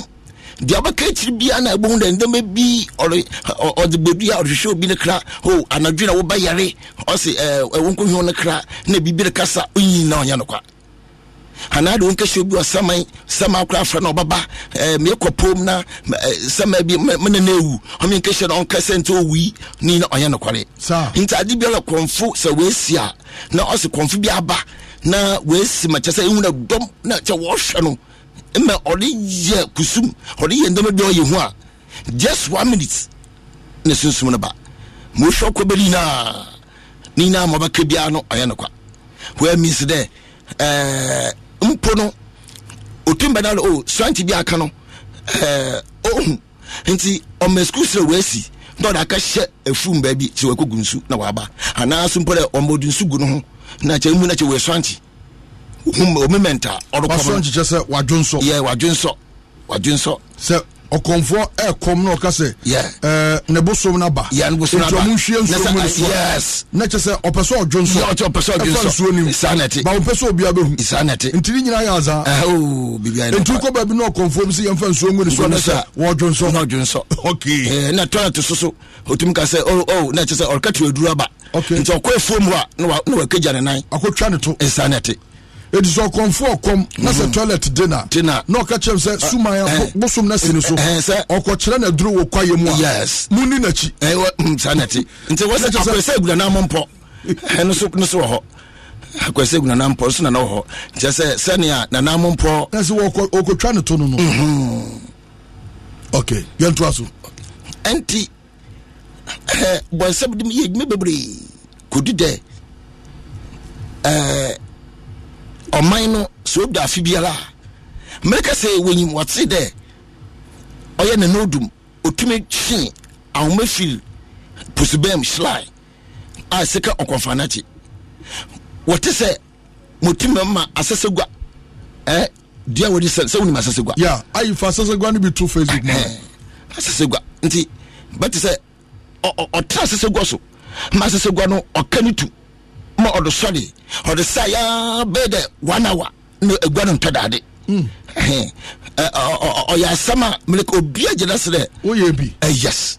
deɛ ɔbɛka akyiri biara na ɛbɛhu dɛ ndɛma bi ɔde bɛdua ɔrehwehwɛ obi no kra o anadwo na wobɛyare ɔse ɛwo nkɔhwɛ no kra na biribi no kasa ɔnyi na ɔnyɛ nokwa anaa de wonkɛhyɛ obi ɔsaman saman kora afra na ɔbaba meɛkɔ pom na sama bi mena no awu ɔmenkɛhyɛ na ɔnkasɛ nti ɔwui ne na ɔnyɛ nokware nti ade biara kɔmfo sɛ woasi a na ɔse kɔmfo bi aba na wɔasi ma kyɛ sɛ na dɔm na kyɛ wɔhwɛ no mma ɔde yɛ kusum ɔde yɛ ndɛma bi ɔyɛ ho a just one minute ne sunsum no ba ma ohwɛ kɔ bɛdi nyinaa ne nyinaa ma ɔbɛka biara no ɔyɛ no kwa wɔa means dɛ ɛɛ mpo no otum bɛ na o oh, sranti bi aka no ɛɛ ohun nti ɔmɛ sukuu srɛ wɔasi na ɔde aka hyɛ efum baabi sɛ wɔakɔ gu nsu na wɔaba anaasɛ mpo dɛ ɔmɔ du nsu gu no ho na kyɛ mu na kyɛ wɔ asɔnkye omi mɛnta ɔdokɔmɔ asɔnkye kyɛ sɛ wadwo nsɔ yɛ wadwo nsɔ sɛ ɔkɔnfoɔ ɛɛkɔm na ɔka sɛ ne bosom no ba nti ɔmo nhwie nsuo mu no soɔ na kyɛ sɛ ɔpɛ sɛ ɔdwo nsoɛfa nsuo nim ba ɔmpɛ sɛ obia bɛhu nti ne nyina yɛ asaa ɛnti wokɔ baabi na ɔkɔnfoɔ bi sɛ yɛmfa nsuo ngu ne soɔ ne sɛ wɔdwo nsɔ na toilet so so ɔtumi ka sɛ oh, oh, na kyɛ sɛ ɔreka te aduru aba nti ɔkɔ afuom hɔ a na wakagya ne nan akɔtwa ne to nsanɛte ɛdi sɛ ɔkɔmfo ɔkɔm na sɛ mhm. toilet dina na ɔka kyerɛm sɛ ah, suman eh, bosom no si no so ɔkɔkyerɛ eh, eh, na duro wɔ kwayɛ mu a muni nakyi mm, saa nɛte nti wɔ sɛ akwɛsɛ agurana mo mpɔ ɛno so no so wɔ hɔ akwɛsɛ agurana mo mpɔ so nana wɔ hɔ nkyɛ sɛ sɛnea nana mo mpɔ ɛsɛ ɔkɔtwa ne to no no mhm. ok yɛntoa so ɛnti bɔnsɛm de yɛ adwuma bebree kɔdi dɛ ɔman no sɛ obda afe biara a mmerika sɛ wɔnyim wɔte dɛ ɔyɛ ne no odum ɔtumi twee ahoma fil pusubam hyelae a sika ɔkɔmfanakye wɔte sɛ mɔtumi ma asɛsɛ gua eh, dua wɔde sɛ sɛ wonim asɛsɛ gua yeah, ayifa asɛsɛ gua no bi to facebook ma asɛsɛ gua nti bɛte sɛ ɔtena asɛsɛ gua so ma asɛsɛ gua no ɔka no tu ma ɔde sɔre ɔde sa yaa bɛyɛ dɛ one hour na egua no ntɔ daade hmm. ɔyɛ asɛm a mmerɛ obiara gyina se dɛ woyɛ bi yes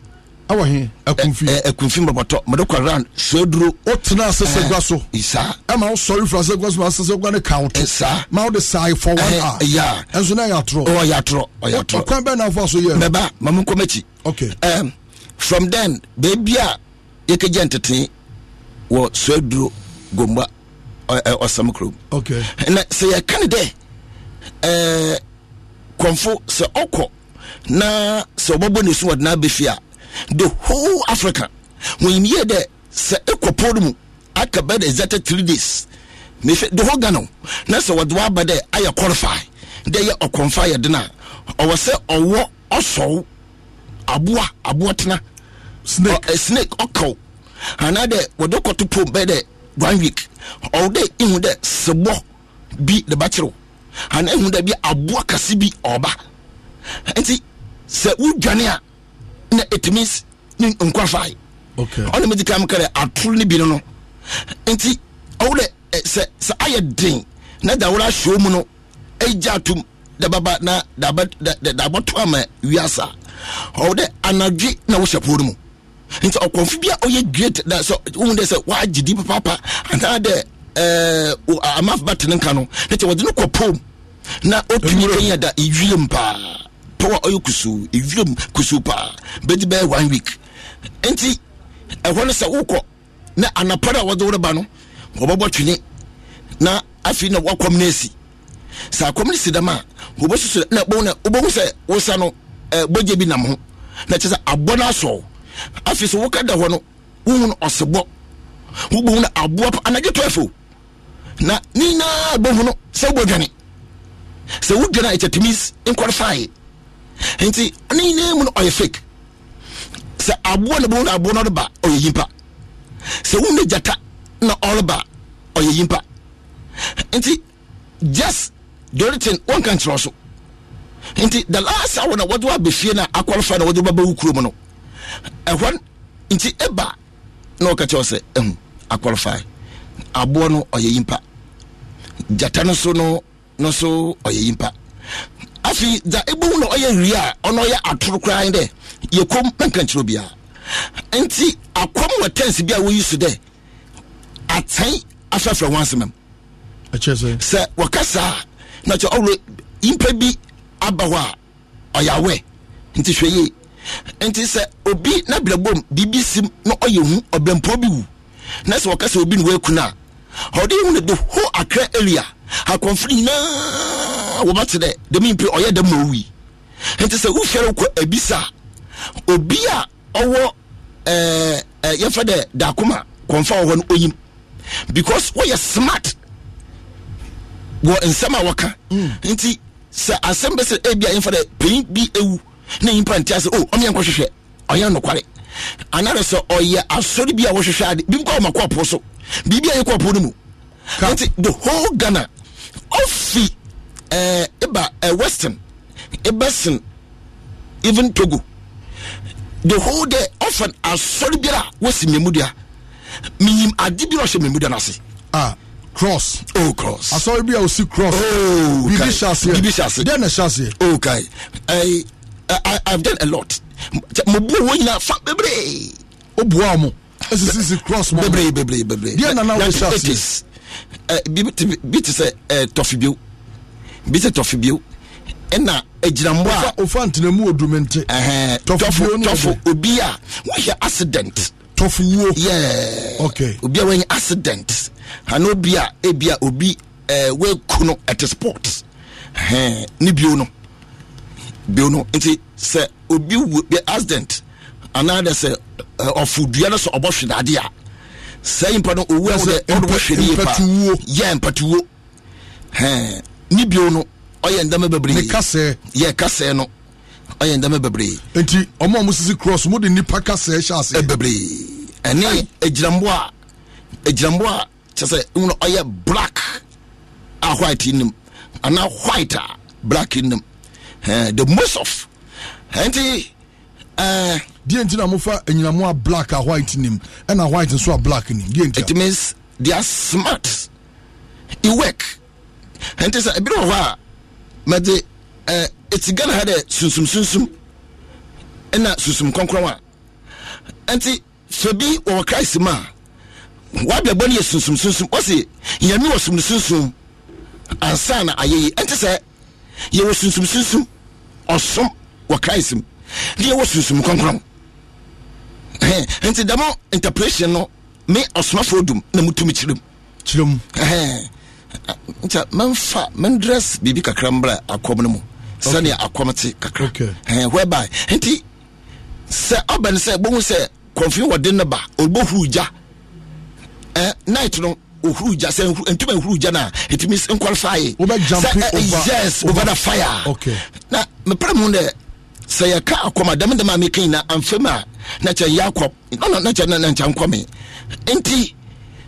awɔ he akunfin akunfin bɔbɔtɔ mɛde kɔ ran suaduro. o tena asese gua so. isaa ɛma o sɔrɔ ifura asese gua so asese gua ne kan to. isaa ma o de saa fɔ wɔn a. ya ɛnso n'a y'a tɔrɔ. ɔ y'a tɔrɔ ɔ y'a tɔrɔ. ɔkwan bɛɛ n'a fɔ aso yɛ. mɛba mamu nkɔmɛ ci. ok um, from then beebi a yɛ kɛ jɛ ntete wɔ gomba ɔsam eh, eh, kurom na sɛ yɛka ne dɛ eh, kɔmfo sɛ ɔkɔ na sɛ ɔbɛbɔ ne su wɔde no abɛfie a the whole africa wɔnim yie dɛ sɛ ɛkɔ pɔ no mu aka bɛ de exactly three days mefe the whole ghana na sɛ wɔde waba dɛ ayɛ qualify dɛ yɛ ɔkɔmfa yɛ den a ɔwɔ sɛ ɔwɔ ɔsɔw aboa aboa tena snake ɔkaw anaa dɛ wɔde kɔto pom bɛ dɛ one week ɔwɔ dɛ ihu dɛ sebɔ bi de ba kyerɛw ana ihu dɛ bi aboa kɛse bi ɔba nti sɛ wodwane a na ɛtumi ne nkwafaa ɔne medi kam kɛrɛ atoro no bi no nti ɔwo dɛ sɛ sɛ ayɛ den na da wora ahyɛ mu no ɛgya eh, atom da baba na dabɔto ama wiasa ɔwo dɛ anadwe na wohyɛ poo mu nti ɔkɔnfo bi a ɔyɛ great na sɛ ohun dɛ sɛ di papaapa amaf ba nka no kyɛ wɔde kɔ pom na da paa a ɔyɛ kusuu ewiem kusuu paa bɛdi bɛyɛ one week nti ɛhɔ no sɛ wokɔ na a wɔde wɔreba no wɔbɛbɔ twene na afei na wakɔm na esi saa akɔm no si dɛm a na bɔn na wɔbɛhu sɛ wosa no ɛɛ bɔgye bi nam ho na afei sɛ woka da hɔ no wohu no ɔsebɔ wobɛhu no aboa pa anagye tɔɛfo na ne nyinaa bɛhu no sɛ wobɔ dwane sɛ wodwane a ɛkyɛtumis nkɔrefae nti ne nyinaa mu no ɔyɛ fake sɛ aboa no bɛhu no aboa no ɔde ba ɔyɛ yimpa sɛ wo ne gyata na ɔreba ɔyɛ yimpa nti just doritin wɔnka nkyerɛ so nti the last hour na wɔde wɔ abɛfie no a akɔrefa na wɔde wobɛba wo kurom no ɛhɔ nti ɛba na ɔka sɛ ɛhu aboɔ no ɔyɛ yimpa gyata no so no yimpa dza na ɔyɛ wie a ɔno ɔyɛ atoro koraa dɛ yɛ kom na nti akɔm wɔ tɛnsi bi a wɔyi so dɛ atɛn sɛ wɔka saa na yimpa bi aba hɔ a ɔyɛ nti hwɛ nti sɛ obi n'abrabom biribi si na ɔyɛ hu ɔbɛnpɔ bi wu na sɛ wɔka sɛ obi na wɔaku no a ɔde yɛ hu no ho whole akra area akɔmfiri nyinaa wɔbɛte dɛ dɛm mpe ɔyɛ dɛm ma owi nti sɛ wofiare wokɔ abisa obi a ɔwɔ ɛɛ ɛ yɛfɛ dɛ daakoma kɔmfa wɔ hɔ no oyim because wɔyɛ smart wɔ nsɛm a wɔka mm. nti sɛ asɛm bɛ sɛ ebi a yɛfɛ dɛ panyin bi ewu na nyimpa nte ase o oh, ɔmeyɛ nkɔhwehwɛ ɔyɛ nokware anare sɛ ɔyɛ asɔre bi a wɔhwehwɛ ade bibi kɔ ɔma kɔɔpo so biribi a yɛ kɔɔpo no mu nti the whole ghana ɔfi ɛɛ eh, ɛba ɛɛ eh, western ɛbɛsen even togo the whole day ɔfɛn asɔre biara a wɔsi mmienu dea miyim ade bi na ɔhyɛ mmienu n'ase. ah cross. oh cross. asɔre bi a osi cross. oh kai bibi hyɛ bibi hyɛ then deɛ na hyɛ aseɛ. I, I've done a lot. Mo bu owó nyina fa bebree. O bu awo mo. Esisisi cross mo. bebre bebre. bebree. Diẹ nana awo ṣe ase. Eh, bi ti sɛ eh, tɔfi bio. Bi ti tɔfi bio. Ɛna egyinambo a. Ofa ntina mu odumente. Tɔfi bio ni tɔfo obi a wohyɛ accident. Tɔfi wo. Yɛɛ. Okay. Obi a wɔnyɛ accident. Ana obi a ebi a obi ɛɛ eh, wɔn ekunu ɛte sport. Ne bio no bio no nti sɛ obi wu the accident anaadɛ sɛ eh, ɔfo dua no sɛ ɔbɔ hwe daade a sɛ mpa no ɔwu sɛ ɔdebɔ hwɛ ne yɛ pa yɛ mpatuwo hɛn ne bio no ɔyɛ ndɛma bebree yɛ kasɛɛ no ɔyɛ ndɛma bebree nti ɔmo a mo sisi cross mo de nipa kasɛɛ hyɛ aseɛ bebree ɛne egyinambo a egyinambo a ɔyɛ black a white nim ana white a black nim. Eh, the most of eh, nti. Uh, deɛ nti na mofa anyinamu a black a white nim ɛna white nso a black nim deɛ nti. it means they are smart e work nti sɛ ebi wɔ hɔ a mɛde ɛɛ eti ghana ha dɛ sunsun sunsun ɛna sunsun kɔnkɔn a nti sɛ bi wɔwɔ christ mu a wabɛ bɔ ne yɛ sunsun sunsun wɔsi yɛmi wɔ sunsun sunsun ansa na ayɛ yi nti sɛ yɛwɔ sunsum sunsum ɔsom wɔ christ mu deɛ ɛwɔ sunsum kronkron nti dɛm interpretation no me ɔsomafoɔ dum na mutumi kyerɛm kyerɛm nkyɛ memfa mendress biribi kakra mbrɛ akɔm no mu sɛnea akɔm te kakra whereby nti sɛ ɔbɛne sɛ bohu sɛ kɔmfin wɔde ne ba ɔbɛhuru gya night no ohuru gya sɛ ntoma ohuru gya na etumi nkwalifaayi sɛ ɛ eh, yes over the fire na mepere mu dɛ sɛ yɛ ka akɔm a dɛmdɛm a meke mu a na kyɛ ya akɔ nana na kyɛ na na nkyɛ nkɔ me nti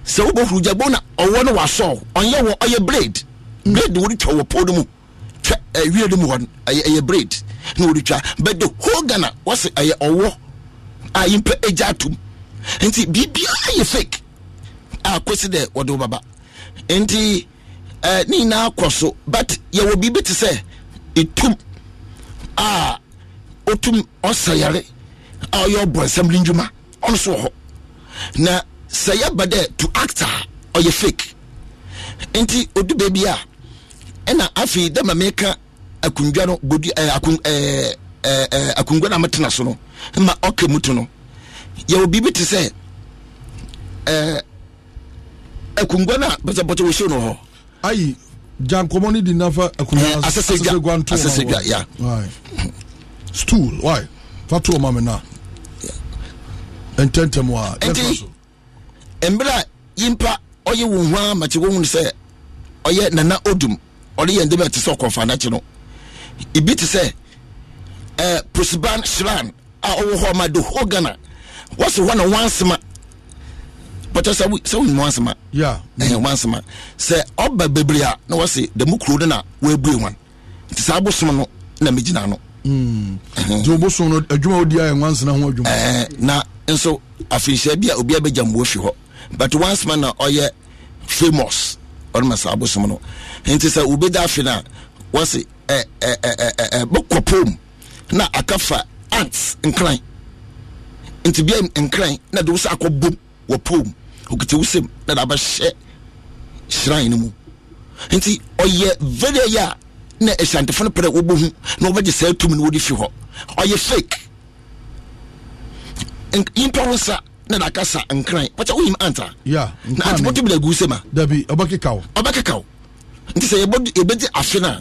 sɛ wobɛhuru gya bo na ɔwɔ no wasɔ ɔnyɛ wɔ ɔyɛ blade blade wode twɛ wɔ pɔw no mu twɛ awie eh, no mu hɔ ɛyɛ blade na wode twa but the whole ghana wɔse ɛyɛ ɔwɔ a yɛmpɛ agya atom nti biribiara yɛ fake a kwesi dɛ wɔde wobaba nti ɛɛ ne nyinaa kɔ so but yɛwɔ biribi te sɛ etum a otum ɔsa yare ọ ɔyɛ ɔbɔ nsɛm ne ndwuma ɔno so wɔ hɔ na sɛ yɛba dị to act a ɔyɛ fake nti odu beebi a ɛna afei dɛ maame ka akundwa no godi ɛɛ akun ɛɛ ɛɛ akundwa na ametena so no ma ɔka mu to no yɛwɔ biribi te sɛ ɛɛ. akungua no a pɛsɛpɔkyɛ wɔhyɛ no hɔ ayi gyankɔmmɔ no di nafa akunasɛsɛgwa eh, ya stool why fa to ma me na ɛntɛntɛm a ɛnti mmerɛ a yimpa ɔyɛ wo ho a makye wohunu sɛ ɔyɛ nana odum ɔde yɛ ndɛm a ɛte sɛ ɔkɔmfa nakye no ebi te sɛ eh, prosiban shran a ɔwɔ hɔ ma de ho ghana wɔse hɔ na wansema pɔtɔ sɛ sɛ wonim wansema ɛhɛ wansema sɛ ɔba bebree a na wɔse dɛmu kuro no na wɔabue wan nti saa bosom no na megyina no nti wobosom hmm. no eh. adwuma wodi ayɛ wansena ho adwuma na nso afeinhyia bi a obi abɛgya mmoa fi hɔ but wansema na ɔyɛ famous ɔno ma saa bosom no nti sɛ wobɛda afe no a wɔse bɛkɔ pom na aka fa ants nkran nti bia nkran na de wo sɛ akɔ bom wɔ pom okita wusem na da abɛhyɛ shrine no mu nti ɔyɛ very yɛ a na ahyantefo no pɛrɛ wɔbɔ hu na wɔbɛgye saa tumi no wɔde fi hɔ ɔyɛ fake nyimpa ho sa na da kasa nkran wɔkyɛ woyim anta na ante bɔtɔ bila agu sɛm a dabi ɔbɛkeka wo ɔbɛkeka wo nti sɛ yɛbɛgye afe no a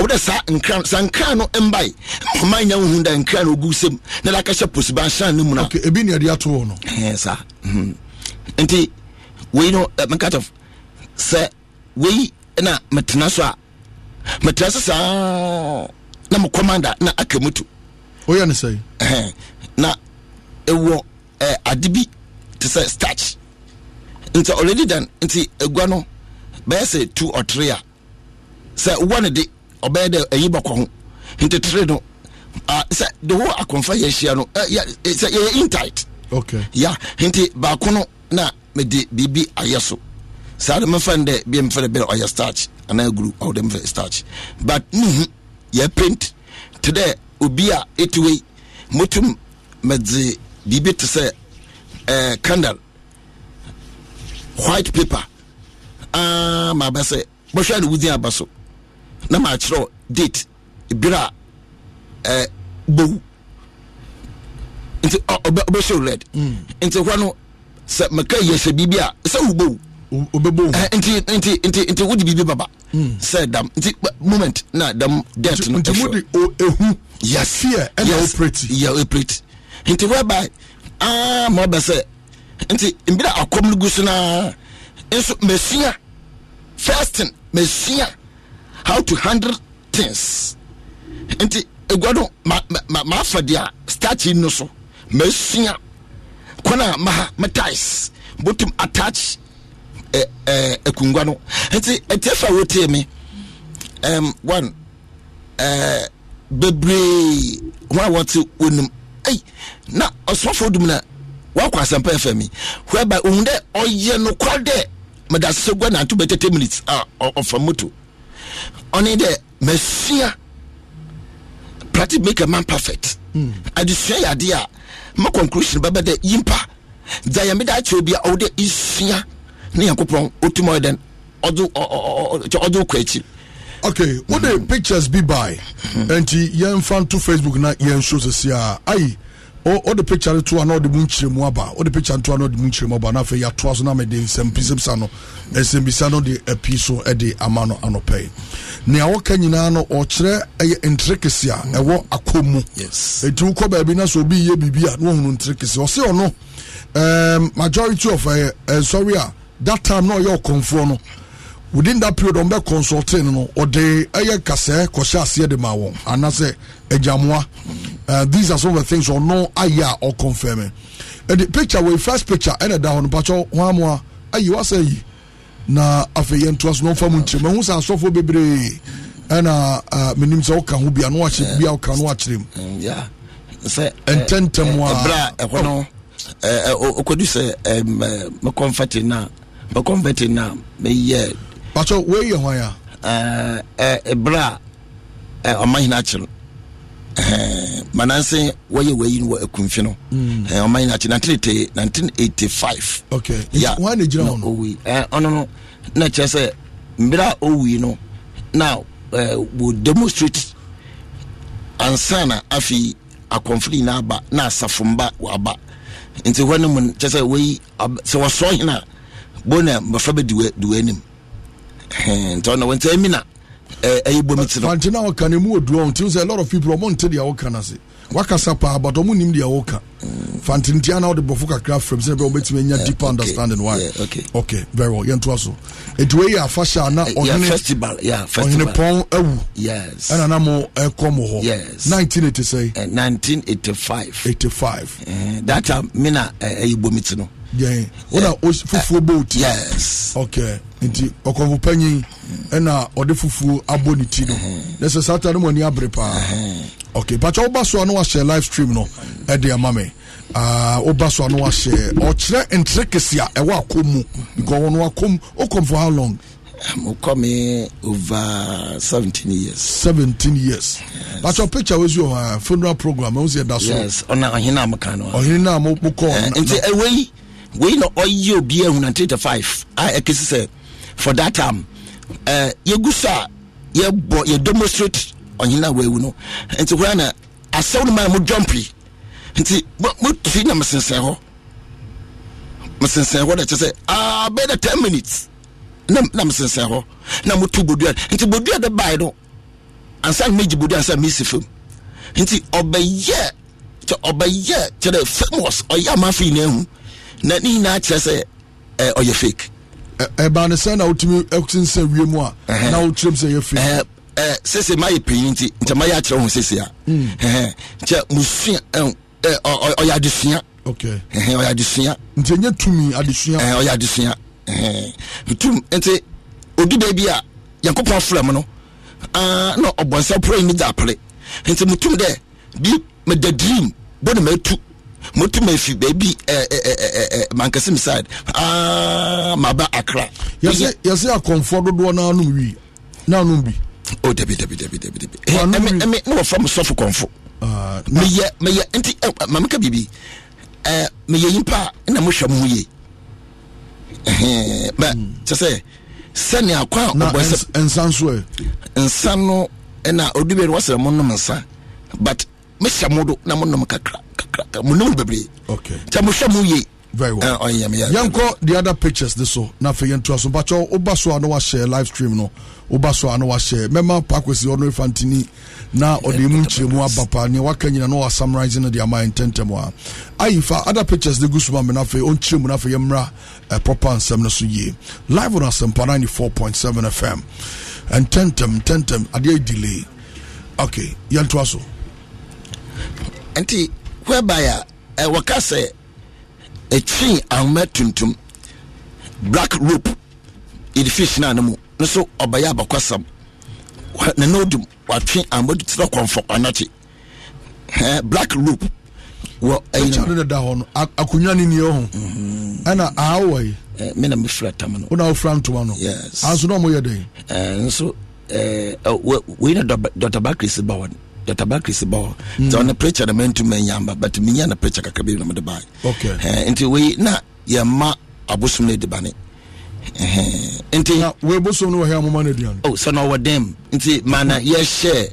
ɔwɔ dɛ saa nkran saa nkran no mbae ɔman nya wohu da nkran no ogu sɛm na da kahyɛ posiban hyɛn no mu no ebi ne ɛde ato wɔ no saa nti wei no eh, meka kyɛf sɛ wei na metena so a metena so saa na mo commander na aka mutu woyɛ ne sɛ na ɛwɔ eh, ade bi te sɛ starch nti already then nti agua no bɛyɛ sɛ two or three a sɛ wowɔ ne de ɔbɛyɛ dɛ ɛyi bɔkɔ ho nti three no uh, sɛ the whole akɔmfa yɛhyia no eh, eh, sɛ yɛyɛ intight okay. ya yeah. nti baako no na mede biribi ayɛ so saa de mefa no dɛ bia mfɛ no bɛrɛ ɔyɛ starch anaa guru ɔwɔ dɛ mfɛ starch but mehu yɛ paint te dɛ obi a ɛti wei motum medze biribi te sɛ eh, candle white paper ah, maaba sɛ bɛhwɛ no wodin aba so na maakyerɛw date berɛ a eh, bowu nti show red mm. nti hɔ no sɛ meka yɛ hyɛ biribi a sɛ wobɛwu nti wode biribi baba hmm. sɛ dam nti moment na dam det no ɛhwɛ yɛoperate nti whereby ah, ma ɔbɛ sɛ nti mbira akɔm no gu so naa nso masua first thing how to handle things nti egua ma ma ma afa deɛ no so masua kwana maha metais botum attach akungua eh, eh, eh, no nti ɛti afa wotie me um, one uh, bebree ho a wɔte wɔnum ei na ɔsɔfo dum na wakɔ asɛmpa ɛfɛ mi whereby ohun dɛ ɔyɛ nokwa dɛ madasɛ gua nanto bɛ tete minutes a ah, ɔfa moto ɔne dɛ masua practice make a man perfect adesua yɛ adeɛ a ma conclusion bɛbɛ dɛ yimpa gya yɛ meda akyerɛ bi a ɔwo dɛ nsua ne nyankopɔn ɔtumi ɔyɛ dɛn ɔde wokɔ akyi okay wode mm. pictures bi bae ɛnti yɛmfa nto facebook na yɛnhyo sesi a ayi ɔde picture no toa na ɔde mu nkyerɛmu aba ɔde picture no toa na ɔde mu nkyerɛmu aba na afei yɛatoa so na mede nsɛmpisɛmsa no nsɛmbisa no de api so de ama no anɔpɛ nea wɔka nyinaa no ɔkyerɛ ɛyɛ ntrikisi a ɛwɔ akɔ mu ɛnti wokɔ baabi na sɛ obi yɛ biribi a na wɔhunu ntrikisi ɔse ɔno um, majority of uh, uh, sorry uh, that time na ɔyɛ ɔkɔmfoɔ no within that period ɔmbɛ consulting no ɔde ɛyɛ kasɛɛ kɔhyɛ aseɛ de ma wɔn anasɛ agyamoa Uh, these are some of the things ɔno or confirming, and the picture we first picture ɛna da hɔ no pakyɛ ho amoa ayi wasɛ yi na afei yɛntoa so na ɔmfa mu nkyerɛ mahu sɛ asɔfoɔ bebree ɛna menim sɛ woka ho bia no wakyerɛ bia woka no wakyerɛ mu ɛntɛntɛm a ɛhɔ no ɔkɔdu sɛ mekɔmfɛte no a mekɔmfɛte no a meyɛ pakyɛ woyɛ hwan a ɛberɛ a ɔmahena akyere Eh, manase wɔyɛ wayi wɔ akunfi no ɔma mm. eh, yi nate nineteen eighty nineteen eighty five. okay ya wɔn na gyina hɔ no owi ɛ eh, ɔno no na kyerɛ sɛ mbira owi no na ɛ wò demonstrate ansana afi akɔnfili na aba na wa waba nti hɔ no mu kyerɛ sɛ wɔyi sɛ wɔsɔ hena bona mbɔfra bɛ diwɛ diwɛ anim nti ɔno wɔn nti ɛmina ɛyɛ eh, eh, bomi ti no. fanti na ɔka ne mu oduɔ nti sɛ a lot of people ɔmo nte deɛ ɔka na se wakasa paa but ɔmo nim deɛ ɔka fanti nti ana ɔde bɔfo kakra fam sɛ ɛbɛn ɔbɛtumi anya deep understanding why yeah, okay. okay very well yɛn to aso eti wei yɛ afahyɛ ana ɔhene ɔhene pɔn awu ɛna na mo ɛkɔ mo hɔ nineteen eighty sɛ. Eh, nineteen eighty five. eighty five. that time mina ɛyɛ bomi ti no. wona fufuo bɔɔti ok nti ɔkɔnfo panyin ɛna ɔde fufuo abɔ ne ti no na sɛ saa ta no mu ani paa mm-hmm. ok pakyɛ woba so a no live stream no ɛde ama me woba ah, so a no wahyɛ ntere kese a ɛwɔ akọ mu because wɔno akɔm wokɔm for how long mokɔ um, me over years Seventeen years but your picture was ah, funeral program I was da so. yes on ahina amaka no ahina mo ko eh, nti ewei wei na ɔyɛ obi ahunu na thirty five a ɛkesi sɛ for that time ɛɛ yɛgu so a yɛbɔ yɛ demonstrate ɔnyina wɔawu no nti koraa na asɛw no maa mo dwɔmpiri nti mo mo fi na mesensɛn hɔ mesensɛn hɔ na kyerɛ sɛ aa ah, bɛyɛ dɛ ten minutes na na mesensɛn hɔ na mo tu bodua nti bodua de baa yi no ansa mi gyi bodua ansa mi si fam nti ɔbɛyɛ ɔbɛyɛ kyerɛ famous ɔyɛ amaafin na ehu na ne nyinaa kyerɛ sɛ ɔyɛ fake ɛbaa no sɛ na wotumi sensɛ wie mu a na wokyerɛm sɛ yɛ fake sese mayɛ panyin nti nkyɛ mayɛ akyerɛ ho sese a mm. nkyɛ musua ɔyɛ adesua ɔyɛ adesua nti ɛnyɛ tumi adesua ɔyɛ adesua tum nti odu da bi a yankopɔn frɛ mu no na ɔbɔnsɛ porɔ yi ne da apere nti mutum dɛ bi meda dream bɔne matu motumi efi beebi ɛɛ eh, ɛɛ eh, ɛɛ eh, mankasim side aa ah, maba akra. yasi yasi akɔnfɔ dodoɔ n'anum wi n'anum bi. o oh, dabi dabi dabi dabi dabi ɛmi ɛmi ne wɔfra mu sɔfo kɔnfo ah, meyɛ meyɛ nti ɛ maame ka bibi ɛɛ meyɛ nyimpa a ɛna mo hwɛ mu yie ɛhɛn bɛ hmm. kyesɛ sani akɔ a ɔbɔ sɛ. na nsa nso yɛ. nsa no ɛna odi bɛ wɔsɛ mo nom nsa but mehyɛ mo do na monom kakra bebree nti mohwɛ mo yie very well. Uh, oh, yeah, yeah, Yanko, the other pictures this so na fe yen to aso but your oh, obaso ano wa share live stream no obaso ano wa share mema pakwesi ono fantini na ode mu abapa ne waka nyina no wa summarizing the amount tentem wa ayi other pictures the gusuma me na fe on kyeremu na fe yemra eh, proper nsem no so ye live on asempa 94.7 fm and tentem tentem ade delay okay yen to nti whereby a ɛwɔka eh, sɛ ɛtwi ahoma tuntum black rope yɛde fish no ano mu no so ɔbɛyɛ abakwasam ne no dum watwe ahoma du tena kɔmfɔ anakye black rope wɔ ɛyinano no da hɔ no akonnwa no nniɛ hɔ mhm. ɛna aawɔ yi mena mefira tam no wona wofira ntoma no anso na ɔmɔyɛ dɛn nso wei na dɔtabakre si ba hɔ no dr bakris bɔ mm. nti ɔne preacher na mantumi anyamba but menya na preacher kakra bi na mede okay. uh, nti we na ya ma yɛma abosom no adibane nti webosom no wɔhɛ amoma no aduano oh, sɛ na ɔwɔ dam nti mana share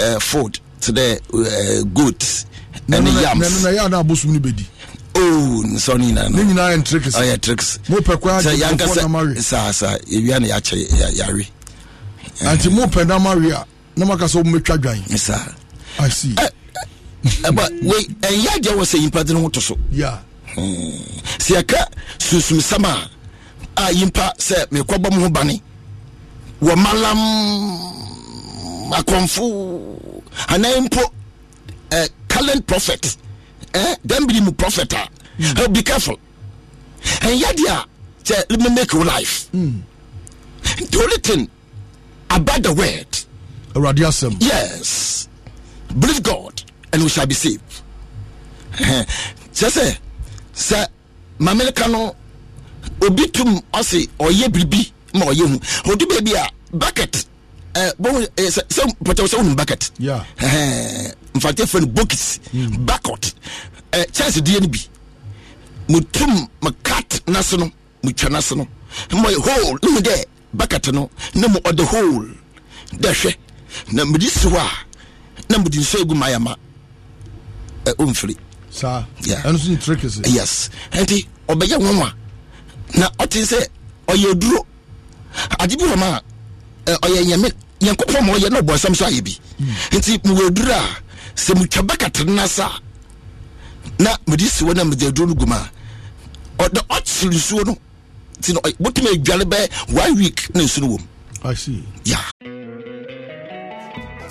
uh, food sɛdɛ uh, goods and goat ɛne yamsnɛyɛ ana abosom no bɛdi oh nsɔnni na no Nini na yɛ tricks Oh, yeah, tricks mo pɛ kɔ agye nkɔfɔ na ma we saa saa ewia na yɛakyɛ yare mo pɛ na ma we a na maka sɛ womɛtwa dwan see. ɛba hmm. wei ɛnyɛ agya wɔ sɛ nyimpa de no ho to so hmm. sɛ yɛka sunsumsɛm a a yimpa sɛ mekɔbɔ mo ho bane wɔ malam akɔmfo anaa mpo uh, current prophet eh? dan biri mu prophet a hmm. be careful ɛnyɛ deɛ a sɛ me make your life the only thing about the word awurade yes believe god and we shall be saved kyerɛ sɛ sɛ mamerika no obi tum ɔse ɔyɛ biribi ma ɔyɛ hu ɔdu baabi a bucket sɛ pɛtɛw sɛ wonim bucket mfante frɛ no bokis hmm. bucket chance deɛ no bi metum mekat nase no metwa nase no mɔyɛ hole ne mu dɛ bucket no ne mu ɔde hole dɛ hwɛ na mede si hɔ a na mede nsuo agu mayama ɔmfiri yes ɛnti ɔbɛyɛ nwanwa na ɔte sɛ ɔyɛ duro ade bi wɔ ma a ɔyɛ nyame nyankopɔn ma ɔyɛ na ɔbɔnsɛm so ayɛ bi hmm. nti mewɔ duro a sɛ metwa bɛkatere no asa a na mede si na mede aduro no gu ma a ɔde ɔkyere nsuo no nti no wotumi adware bɛɛ one week na nsuo no wɔ mu yeah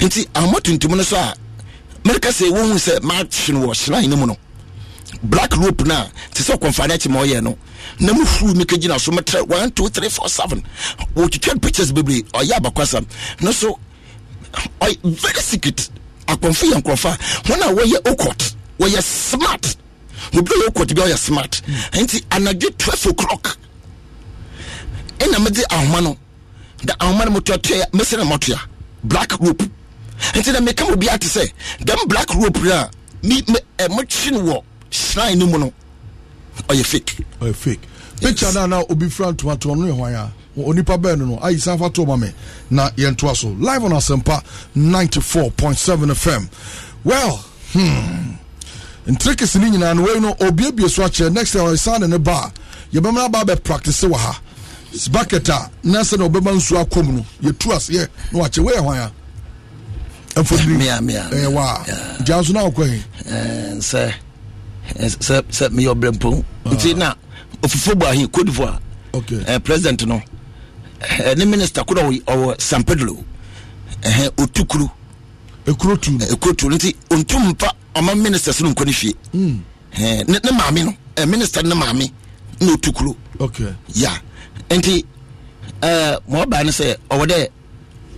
nti ahoma tuntum no so a mɛrika sɛ wohu sɛ maatwe no wɔ hyerae no mu no black rope no a te sɛ ɔkɔmfa no akyi ma ɔyɛ no na mefuru me kagyina so metrɛ 12347 wɔtwitwad pictures bebree ɔyɛ abakwasam no so very secret akɔmfo yɛ nkurɔfo a wɔn a wɔyɛ okot wɔyɛ smart obi a okot bi a ɔyɛ smart nti anadwo 12 o'clock ɛna mede ahoma no da ahoma no motoatoa mɛsɛ na mɔtoa black rope nti na meka mo bia te sɛ dɛm black rope na mi mɛtwe no wɔ shrine no mu no ɔyɛ fake ɔyɛ fake picture na na obi fira ntoma to ɔno yɛ hwan a onipa bɛɛ no no ayi san fa to ma mi na yɛn to so live on asempa ninety four point seven fm well hmm ntirikisi ni nyinaa no wei no obiebie so akyerɛ next year ɔyɛ san de ne ba yɛbɛmɛ aba abɛ practice wɔ ha bucket a na sɛ na ɔbɛma nsuo akɔm no yɛtu aseɛ na wakyɛ woyɛ hwan a ɛfɔdiɛwɔ a gyaa so na wɔkɔ he eh, eh, sɛ sɛ meyɛ ɔbrɛ mpo ah. nti na ɔfufo bɔ ahe cote divoir okay. Eh, president no ne minister kodɔ ɔwɔ san pedro ɔtu kuru ɛkuro tu ɛkuro tu nti ɔntu mpa ɔma minister so no nkɔ ne fie hmm. ne maame no minister ne maame na ɔtu kuro ya yeah nti ɛɛ mɔ ɔbaa no sɛ ɔwɔ dɛ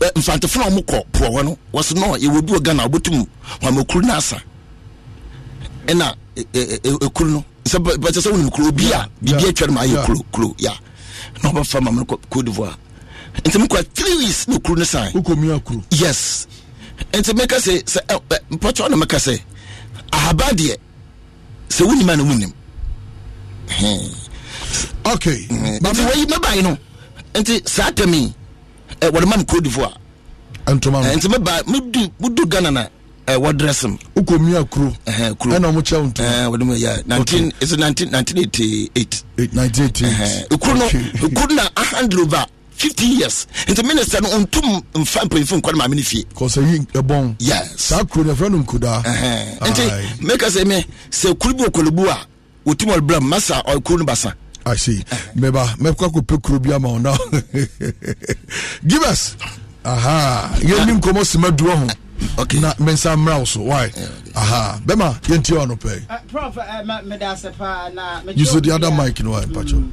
ɛ mfantefo a wɔn kɔ poɔ hɔ no wɔsi no yɛwɔ bi wɔ ghana wɔbɛtum wɔmɛkuru n'asa ɛna ekuru no sɛ bɛtɛ sɛ wɔnum kuro bi a biribi atwa no ma ayɛ kuro kuro ya na ɔbɛfa maame no kɔ cote divoire nti mekɔ three weeks na kuro no san yes nti meka sɛ sɛ ɛ mpɔtɔ na meka sɛ ahaba deɛ sɛ wonim a na wonim hɛn yes. okay. nti mm-hmm. wɔyi mɛba yi no nti saa tɛm yi eh, ɛ wɔde ma mi kuro difo a. ntoma mi eh, nti mɛba mudu mudu ghana na ɛ eh, wɔdrɛs mu. o ko miya kuro. ɛhɛn kuro ɛna ɔmo kyɛw ntoma. ɛɛ wɔde mu yɛ nineteen it's nineteen nineteen eighty eight. nineteen eighty eight. ekuru no ekuru over fifty years nti minister no ntum nfa mpanyinfo nkɔ ne maame ne fie. kɔsɛ yi ɛbɔn. yes saa kuro na fɛn no um nkuda. ɛhɛn nti mɛka sɛ mɛ sɛ kuru bi okolobu a wotum ɔlbram masa ɔkuru no basa. I see. Meba, mepka ko pe kuro bi ama now. Give us. Aha. Ye nim komo sima duro ho. Okay. Na mensa mra so. Why? Aha. Bema, ye ntia ono pe. Prof, me da se pa na me You so the other mic no why, pacho. Mm.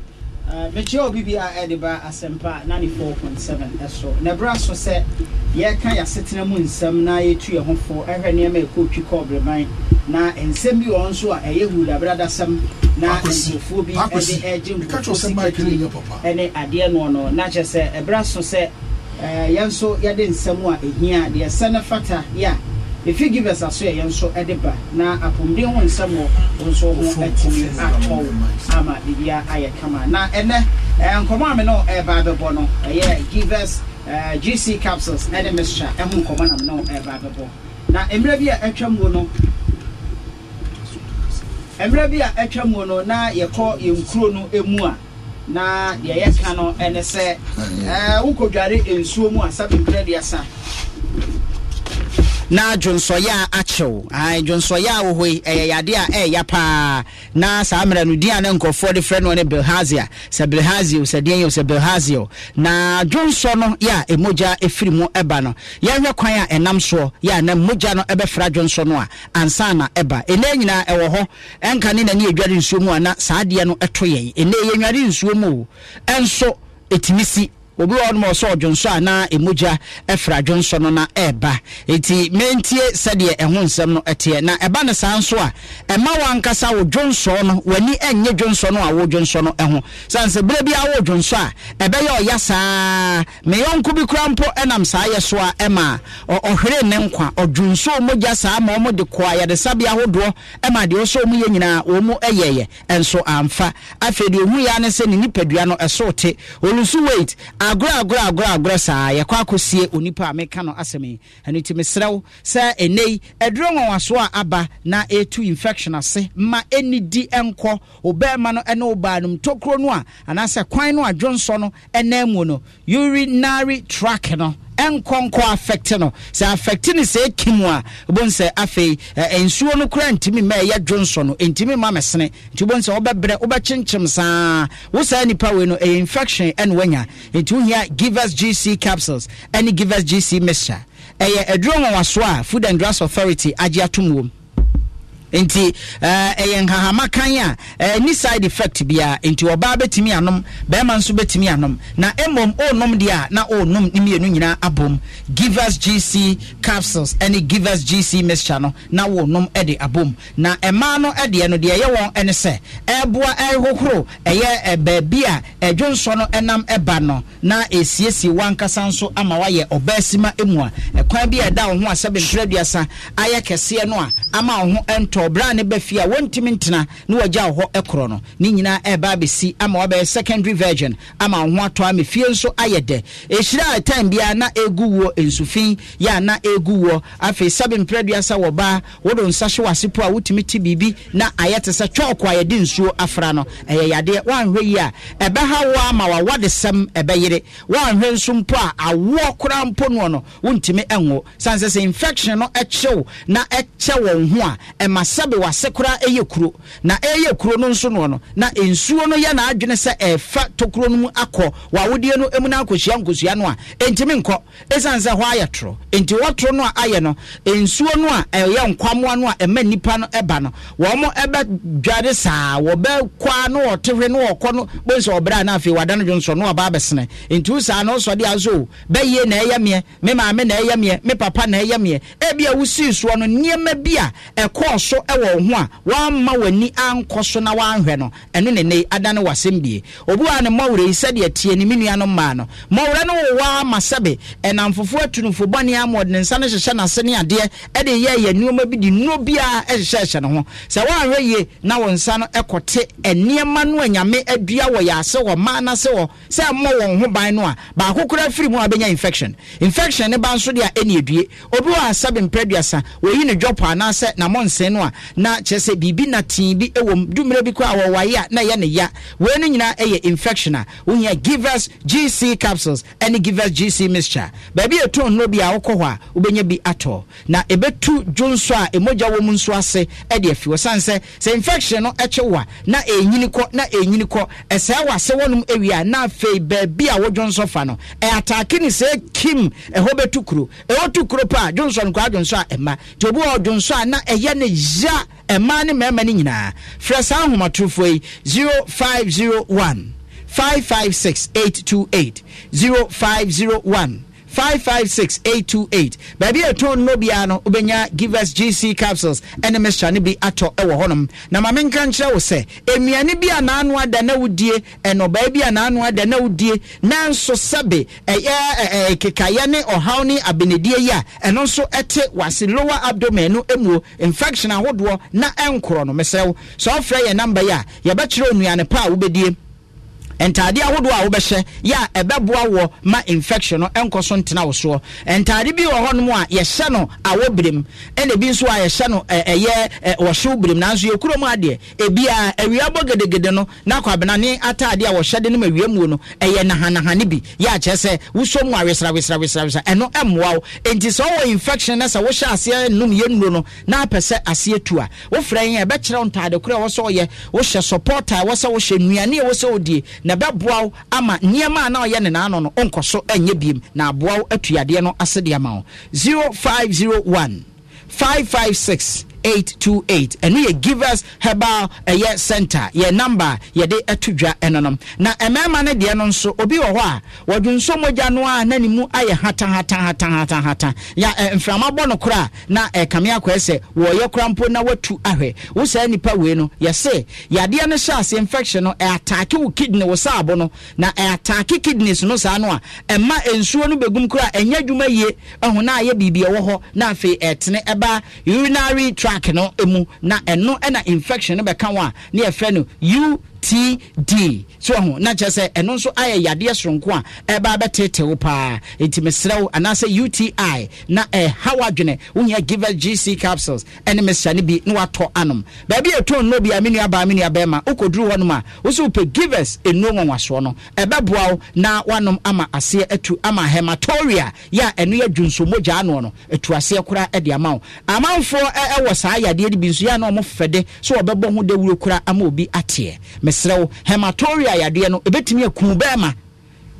Eh, mekyia obi bi a ɛde ba asɛmpa 94.7 ɛso na ɛberɛ so sɛ yɛreka yɛasetena mu nsɛm na yɛtu yɛ ho fo ɛhwɛ nneɛma ɛkɔtwi kɔɔbreman na nsɛm bi wɔ nso a ɛyɛ hudabradasɛm na nkurɔfoɔ bi ɛde ɛgye nkurɔfoɔ ɛne adeɛ noɔ no na kyerɛ sɛ ɛberɛ so sɛ eh, yɛn nso yɛde nsɛm a ɛhia deɛ sɛ ne fata yɛ a If you give efi givers aso yɛ nso ɛde ba na apɔmuden ho nsɛm wɔ nso ho ɛtumi atɔ ama bibi ayɛ kama na and ɛɛ nkɔmɔ ame no ɛɛba eh, uh, uh, abɛbɔ no ɛyɛ givers ɛɛ gc capsules And ɛde mixture ɛho nkɔmɔ nam no ɛɛba abɛbɔ na mmerɛ bi a ɛtwa mu no mmerɛ bi a ɛtwa mu no na yɛkɔ yɛn kuro no emu a na the yɛka no and sɛ ɛɛ wokɔ dware nsuo mu a sabi mmerɛ deɛ sa na dwonsɔyɛ a akyew dwonsɔyɛ a wɔhɔ yi ɛyɛ yadeɛ a ɛɛya paa na saa mmerɛ no din a ne nkurɔfoɔ de frɛ no ne bilhazia sɛ bilhazio sɛ deɛ yɛ sɛ bilhazio na dwonsɔ no yɛ a ɛmogya ɛfiri mu ɛba no yɛnhwɛ kwan a ɛnam soɔ yɛ a na mogya no ɛbɛfra dwonsɔ no a ansa na ɛba ɛnɛ nyinaa ɛwɔ hɔ ɛnka ne nani ɛdware nsuo mu a na saa adeɛ no ɛto yɛn ɛnɛ yɛnware nsuo mu ɛnso ɛtumi si obi wɔ ɔnom ɔsɔ ɔdwonso a na emogya ɛfra adwonso no na ɛɛba eti mentie sɛdeɛ ɛho nsɛm no ɛteɛ na ɛba ne saa nso a ɛma wankasa wo dwonso no w'ani ɛnyɛ dwonso no a wo dwonso no ɛho sanse bere bi awo dwonso a ɛbɛyɛ ɔya saa meyɔnko bi kura mpo ɛnam saa yɛ so a ɛma ɔhwere ne nkwa ɔdwonso omogya saa ma ɔmo de kɔ ayɛdesabea ahodoɔ ɛma deɛ ɔsɔ ɔmo yɛ nyinaa ɔmo ɛyɛyɛ ɛnso amfa afei deɛ ohun yɛ ane sɛ agorɔ agorɔ agorɔ agorɔ saa yɛkɔ akɔsie onipa a meka no asɛm yi ɛno nti mesrɛ wo sɛ ɛnɛ yi ɛduro nwanwasoɔ a aba na ɛtu infection ase ma ɛnidi ɛnkɔ ɔbɛrima no ɛne ɔbaa no mtokuro no a anaasɛ kwan no adwonsɔ no ɛnan mu no urinary track no ɛnkɔnkɔ afɛkte no sɛ afɛkte no sɛ ɛki mu a wobɛhu sɛ afei nsuo no kora ntimi ma ɛyɛ dwonso no ɛntimi ma mesene nti wobɛhu sɛ wobɛbrɛ wobɛkyenkyem saa wo saa nipa wei no ɛyɛ infection ɛne wanya nti wohia givers gc capsules ɛne givers gc mixture ɛyɛ aduro nwanwasoɔ a food and drugs authority agye atom wom nti ɛyɛ eh, eh, nhahama kan a ɛni eh, side effect bia nti ɔbaa bɛtumi anom bɛrima nso bɛtumi anom na mmom ɔnom deɛ a na ɔnom ne mmienu nyinaa abom givers gc capsules ɛne givers gc mixture no na wɔnom de abom na mmaa no deɛ no deɛ ɛyɛ wɔn ne sɛ ɛboa ɛhohoro ɛyɛ baabi a ɛdwonso no nam ba no na ɛsiesie wankasa nso ama wayɛ ɔbaasima mu a ɛkwan bi a ɛda wo ho a sɛ bentrɛ aduasa ayɛ kɛseɛ no a ama wo ho ntɔ ɔbra ne ba fie a wɔntumi ntena na wɔgya wɔ hɔ korɔ no ne nyinaa ɛba abɛsi ama wabɛyɛ secondary virgin ama wo ho atɔ ama fie nso ayɛ dɛ ɛhyira a time biara na ɛgu wɔ nsufin yɛ a na ɛgu wɔ afei sɛbe mprɛduasa wɔ baa wode nsa hye wase po a wotumi te biribi na ayɛ te sɛ twɔɔko a yɛde nsuo afra no ɛyɛ yadeɛ woanhwɛ yi a ɛbɛha wo ama wawɔdesɛm ɛbɛyere woanhwɛ nso mpo a awoɔ koraa mpo noɔ no wontumi ɛnwo sane sɛ sɛ infection no ɛkyew na ɛkyɛ wɔn ho a ɛma asɛbe wase koraa ɛyɛ kuro na ɛyɛ kuro no nso no na nsuo no yɛ n'adwene sɛ ɛfa tokuro no mu akɔ w'awodeɛ no mu no akɔhyia nkosua no a ɛntumi nkɔ ɛsiane sɛ hɔ ayɛ toro nti wɔtoro no a ayɛ no nsuo no a ɛyɛ nkwamoa no a ɛma nnipa no ɛba no wɔn ɛbɛdware saa wɔbɛkɔa no wɔte hwe no wɔkɔ no bɛn sɛ ɔbrɛ no afei wada no dwon sɔ no ɔba abɛsene nti saa no sɔde aso bɛyie na ɛyɛ meɛ me maame na ɛyɛ meɛ me papa na ɛyɛ meɛ ebia wosii soɔ no nneɛma bi a ɛkɔɔ so so wɔ ho a wama w'ani ankɔ so na wanhwɛ no ɛno ne ne adane w'asɛm die obi a ne mmɔwerɛ yi sɛdeɛ tie ne me nuanom maa no mmɔwerɛ no wowɔ ama sɛbe ɛnam fofoɔ atunufo bɔne amɔde ne nsa no hyehyɛ n'ase ne adeɛ ɛde yɛyɛ nneɔma bi de nnuro biara ɛhyehyɛhyɛ ne ho sɛ woanhwɛ yie na wo nsa no ɛkɔte nneɛma no a nyame adua wɔ yɛase wɔ ma anase wɔ sɛ mmɔ wɔn ho ban no a baako koraa firi mu a bɛnya infection infection ne ba nso deɛ a ɛne adue obi wɔ a sɛbe mprɛ wɔyi ne dwɔpɔ anaasɛ namɔnsen no a a na kyerɛ sɛ biribi na tee bi wɔ dumire bi koraa wɔwaye a na ɛyɛ ne ya wei no nyinaa ɛyɛ infection a wohia givers gc capsules ne givers gc mixture baabi ɛto nnuro bi a wokɔ hɔ a wobɛnya bi atɔ na ɛbɛtu dwo nso a ɛmogya wɔ mu nso ase de afi wɔ sane sɛ sɛ infection no ɛkye wo a na ɛnyini kɔ na ɛnyini kɔ ɛsɛe wɔ asɛ wɔnom awie a na afei baabi a wodwo nso fa no ɛataake ne sɛ kim ɛhɔ bɛtu kuro ɛhɔ tu kuro pa a dwo nsɔ no koraa dwo a ɛma nti obi wɔ dwo a na ɛyɛ ne y ɔgya mmaa ne mmarima no nyinaa frɛ saa ahomatorofo yi 0501 556 828 0501 five five six eight two eight baabi a ɛtɔn no biara no Give us gc capsules ɛne mixture no bi atɔ ɛwɔ hɔnom na ma menka nkyerɛ wo sɛ nnuane bi a n'ano ada na wodie ɛnɔbaa bi a n'ano ada na wodie nanso sɛbe ɛyɛ ɛɛ kekaeɛ ne ɔhaw ne abenedie yi a ɛno nso ɛte wase lower abdomen no emuo infection ahodoɔ na ɛnkorɔ no mesɛw sɛ ɔfrɛ yɛ namba yi a yɛbɛkyerɛ nnuane pa a wobɛdie ntaade ahodoɔ a wobɛhyɛ yɛ a ɛbɛboa wɔ ma infection no nkɔ so ntena wo soɔ ntaade bi wɔ hɔnom a yɛhyɛ no awɔ berem ɛna bi nso a yɛhyɛ no ɛyɛ wɔhyew berem nanso yɛkuro adeɛ ebia awia bɔ gedegede no na kwabena ne ataade a wɔhyɛ de no ma awia muo no ɛyɛ nahanaha ne bi yɛ akyerɛ sɛ wosɔ mu a wesrawesrawesrawesa ɛno mmoa wo enti sɛ wowɔ infection na sɛ wohyɛ aseɛ nom yɛnnuro no na apɛ sɛ aseɛ tu a wofrɛ yɛn ɛbɛkyerɛ wo ntaade koro a wɔ sɛ wɔyɛ wohyɛ support a sɛ wohyɛ nnuane a ɛwɔ sɛ wodie na ɛbɛboa wo ama nneɛma a na ɔyɛ ne naano no ɔnkɔ so ɛnyɛ biem na aboa wo atuadeɛ no asede ama wo 0501 556 0828 ɛno yɛ givers herbal ɛyɛ center yɛ number yɛde ɛto dwa ɛnonom na mmarima no deɛ no nso obi wɔ hɔ a wɔdwe nsɔmmogya no a na ne mu ayɛ hatahatahatahatahata ya mframa bɔ no kora na ɛkame akɔɛ sɛ wɔyɛ kora mpo na watu ahwɛ wo saa nnipa wei no yɛse yadeɛ no hyɛ ase infection no ɛataake wo kidney wo saabo no na ɛataake kidneys no saa no a ɛma nsuo no bɛgum kora ɛnyɛ adwuma yie ɛho no ayɛ biribi ɛwɔ hɔ na afei ɛtene ɛba urinary tract plaque no mu na ɛno ɛna infection no bɛka ho ne yɛfrɛ no u td so ɛho na kyerɛ sɛ ɛno nso ayɛ yadeɛ soronko a ɛba bɛtete wo paa nti mesrɛ wo anaasɛ uti na ɛha eh, wadwene wohia give gc capsules ɛne mesra bi na watɔ anom baabi ɛtɔn no bi a me nua baa me nua bɛrima wokɔduru hɔ nom a wo sɛ wopɛ givers ɛnuo nwanwasoɔ no ɛbɛboa wo na wanom ama aseɛ atu ama hematoria yɛ a ɛno yɛ dwunsomogyaa noɔ no ɛtu aseɛ koraa de ama wo amanfoɔ ɛwɔ saa yadeɛ no bi nso yɛ na ɔmo fɛde so wɔbɛbɔ ho dawuro koraa ama obi ateɛ mesrɛ wo hematoria yadeɛ no ɛbɛtumi aku bɛɛma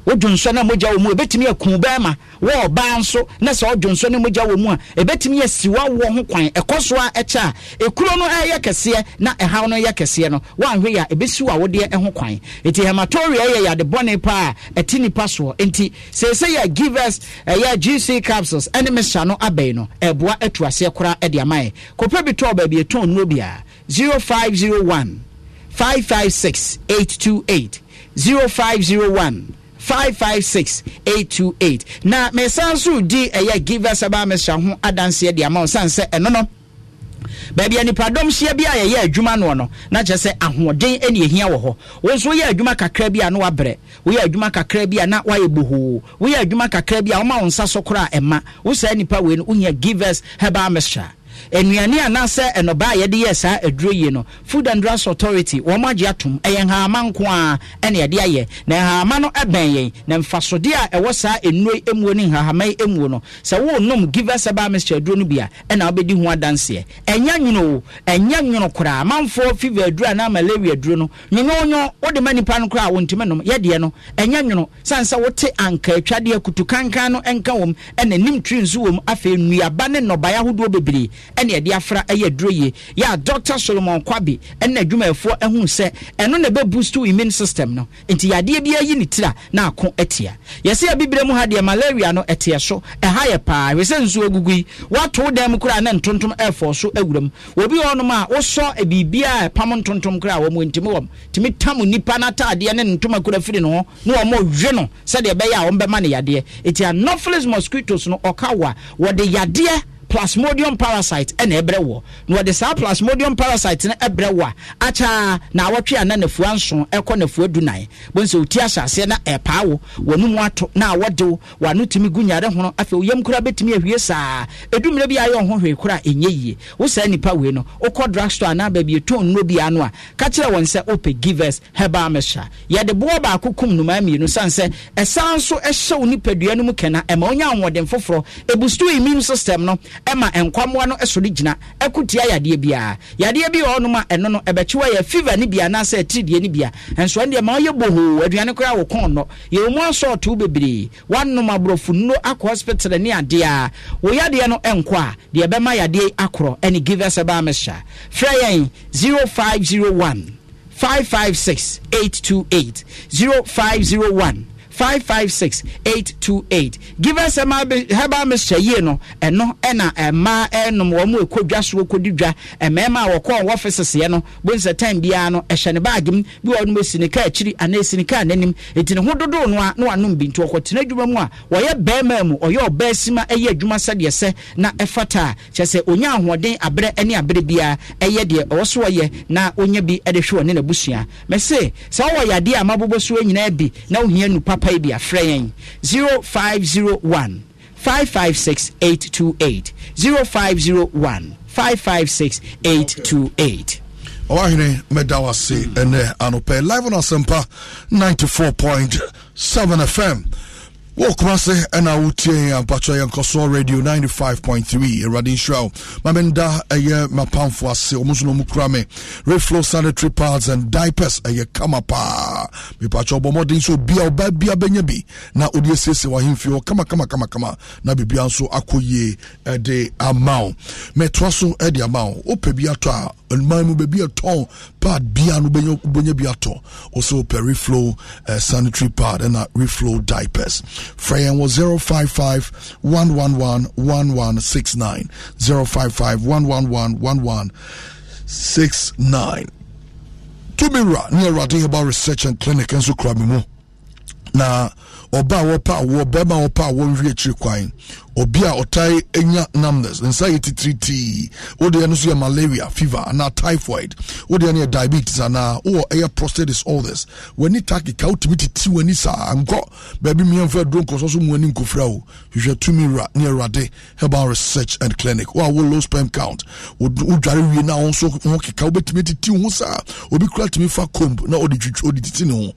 wodwo nsɔ no mogya wɔ mu ɛbɛtumi aku bɛɛma wɔ ɔbaa nso na sɛ wodwo nsɔ no mogya wɔ mu a ɛbɛtumi asiwa wɔ ho kwan ɛkɔ so a ɛkyɛ a ɛkuro no ɛyɛ kɛseɛ na ɛhaw no yɛ kɛseɛ no woanhwɛ yɛ a ɛbɛsi wɔ a wodeɛ ho kwan ɛnti hematoria yɛ yade bɔne a ɛte nipa soɔ enti seesɛ yɛ givers ɛyɛ gc capsules ɛne mehyɛ no abɛi no ɛboa atu aseɛ koraa ɛde ama yɛ kɔpɛ bi tɔɔ baabi ɛtɔn nnuro biara 0501 five five six eight two eight zero five zero one. 556828 na mesan nso di ɛyɛ givers aba mehyɛ ho adanseɛ de ama wo sane sɛ ɛno no baabi a nipadɔm hyia bi a yɛyɛ adwuma noɔ no na kyerɛ sɛ ahoɔden ne ɛhia wɔ hɔ wo nso woyɛ adwuma kakra bi a na wabrɛ woyɛ adwuma kakra bi a na wayɛ bohoo woyɛ adwuma kakra bi a woma wo nsa so kora a ɛma wo saa nnipa wei no wohia givers heba mesra nnuane anaasɛ ɛnɔba a yɛde yɛ saa aduro yie no food and drugs authority wɔn agye atom ɛyɛ nhaama nko a ɛna yɛde ayɛ na nhaama no ɛbɛn yɛn na mfasodeɛ a ɛwɔ saa nnuro emuo ne nhahama yi emuo no sɛ wɔnom givers ɛbaa mr aduro no bia ɛna wɔbɛdi ho adanseɛ ɛnya nwono o ɛnya nwono koraa amanfoɔ fever aduro anaa malaria aduro no nyonyonyo wɔde ma nipa no koraa wɔntumi nom yɛdeɛ no ɛnya nwono san sɛ wɔte anka atwadeɛ kutu kankan no nka wɔm ɛna nim tiri nso wɔm afei nnuaba ne nnɔbaeɛ ahodoɔ bebree ɛne ɛde afra ɛyɛ aduro yie yɛ a dr solomon kwabe ɛne adwumayɛfoɔ ɛhu sɛ ɛno na ɛbɛboost immune system no nti yadeɛ bi ayi ne tira na ako atia yɛsɛ abibire mu ha deɛ malaria no ɛteɛ so ɛha yɛ paa ɛwɛ nsuo gugu yi wato dan mu koraa na ntontom ɛfɔ so awura mu obi hɔnom a wosɔ biribiaa ɛpam ntontom koraa wɔ mu ntimi wɔm tumi tam nipa n'ataadeɛ ne ntoma kora firi ne ho na wɔn ɔwe no sɛdeɛ ɛbɛyɛ a wɔn bɛma ne yadeɛ eti anopheles mosquitoes no ɔka wa wɔde yadeɛ plasmodium parasite ɛna ɛbrɛ wɔ na wɔde saa plasmodium parasite no ɛbrɛ wɔ a akyaa na awɔtwe a na nafua nson ɛkɔ nafua dunan bɔnsɛ oti ahyɛ na ɛpaa wo wɔn mu ato na awɔde wo wɔano tumi gu nyare ho afei oyam kura bɛtumi ahwie saa edumire bi ayɛ ɔho hwee kora enye yie wosaa nipa wei no okɔ drugstore anaa baabi etu nnuro bi ano a kakyira wɔn sɛ opɛ givers herbal mixture yɛde boɔ baako kum nnumaa mmienu san sɛ ɛsan so ɛhyɛ nipadua no mu kɛna ɛma onya ahoɔden foforɔ ebustu immune system no ɛma nkwammoa no ɛsoro gyina ɛko tia yadeɛ biara yadeɛ bi wɔ hɔnom a ɛno no ɛbɛkyewa yɛ fever ne bia anaasɛ ɛtiridie ne bia nsoɔ no deɛ ma ɔyɛ bohoo aduane koraa wo kɔn nɔ yɛwɔ mu asɔɔtoo bebree woanom aborɔfo nno akɔ hospital ne adeɛ a wo yadeɛ no ɛnkɔ a deɛ ɛbɛma yadeɛ akorɔ ɛne give us a bamesha frɛ yɛn 0501 556 828 0501 556 828 givers herbal mixture yie no ɛno ɛna mmaa ɛnom wɔn ɛkɔ dwa so kɔdi dwa mmarima a wɔkɔ wɔn fiseseɛ no bonsa time biara no ɛhyɛ ne baage mu bi wɔn mo sinika akyiri anaa sinika n'anim eti ne ho dodoɔ no a na wanom bi nti ɔkɔtena adwuma mu a wɔyɛ barima mu ɔyɛ ɔbaa sima ɛyɛ adwuma sɛdeɛ sɛ na ɛfata a kyerɛ sɛ onya ahoɔden abrɛ ne abrɛ biara ɛyɛ deɛ ɔwɔ so ɔyɛ na onya bi ɛde hwɛ wɔn ne n'abusua mɛ se sɛ ɔwɔ yadeɛ a mabobɔ so nyinaa bi na ohia nu papa nnipa yi bi 0501 556 828 0501 556 828 ɔwahene mɛda ɛnɛ anɔpɛ live no asɛmpa 94.7 fm wɔkoma se ɛna wotie ampatwa yɛnkɔ so radio 95.3 awurade nhyira wo mamenda ɛyɛ mapamfo ase ɔmo nso na ɔmu kura me reflow sanitary pads and diapers ɛyɛ kama paa mepatwa ɔbɔ mmɔden sɛ obia ɔbaa bia bɛnya bi na ɔde asiesie wahemfie hɔ kamakamakamakamakama na biribia nso akɔ yie ɛde ama wo metoa so ɛde ama wo wopɛ bi atɔ a man mu baabi ɛtɔn pad bia no wobɛnya bi atɔ also pɛ reflow eh, sanitary pad ɛna reflow diapers frɛ yɛn wɔ 055 111 1169 055 111 1169 tumi wura ne awurade herbal research and clinic nso kura me mu na ɔba a wɔpa awoɔ bɛrima a awoɔ nhwi akyiri kwan obi a ɔtae enya numbness nsa yɛ titiritii wodeɛ no so yɛ malaria fever anaa typhoid wodeɛ no yɛ diabetes anaa wowɔ ɛyɛ prostate disorders w'ani takeka wotumi titi w'ani saa nkɔ baabi mmiɛmfa aduro nkɔsɔ so muani nkɔfira wo hwehwɛ tumi wra ne awurade herbal research and clinic wo a wo low sperm count wodware wie no a wo nso ho keka wobɛtumi titi wo ho saa obi kora tumi fa comb na ɔde titi ne ho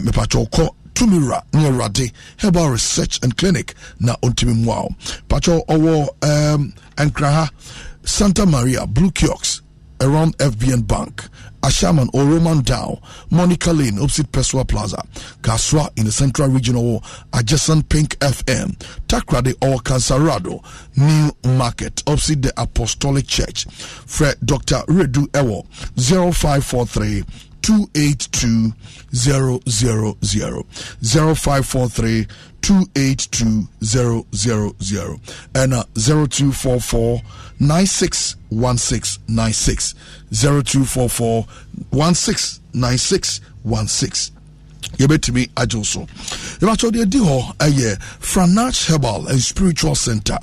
mepatwɛ wokɔ tumira ne awurade herbal research and clinic na ɔntumi mmoa wo patwɛ ɔwɔ um, nkraha santa maria blue kiox around fbn bank Ashaman or Roman Dow, Monica Lane, opposite Pessoa Plaza, Kaswa in the Central Region or adjacent Pink FM, Takrade or Cansarado, New Market, opposite the Apostolic Church, Fred Dr. Redu Ewo, 0543 282 000 0543 282 000 and uh, 0244 961696 0244 169616 yɛbɛtumi agyew so yɛbɛkyɛw deɛ ɛdi hɔ ɛyɛ franach herbal and spiritual center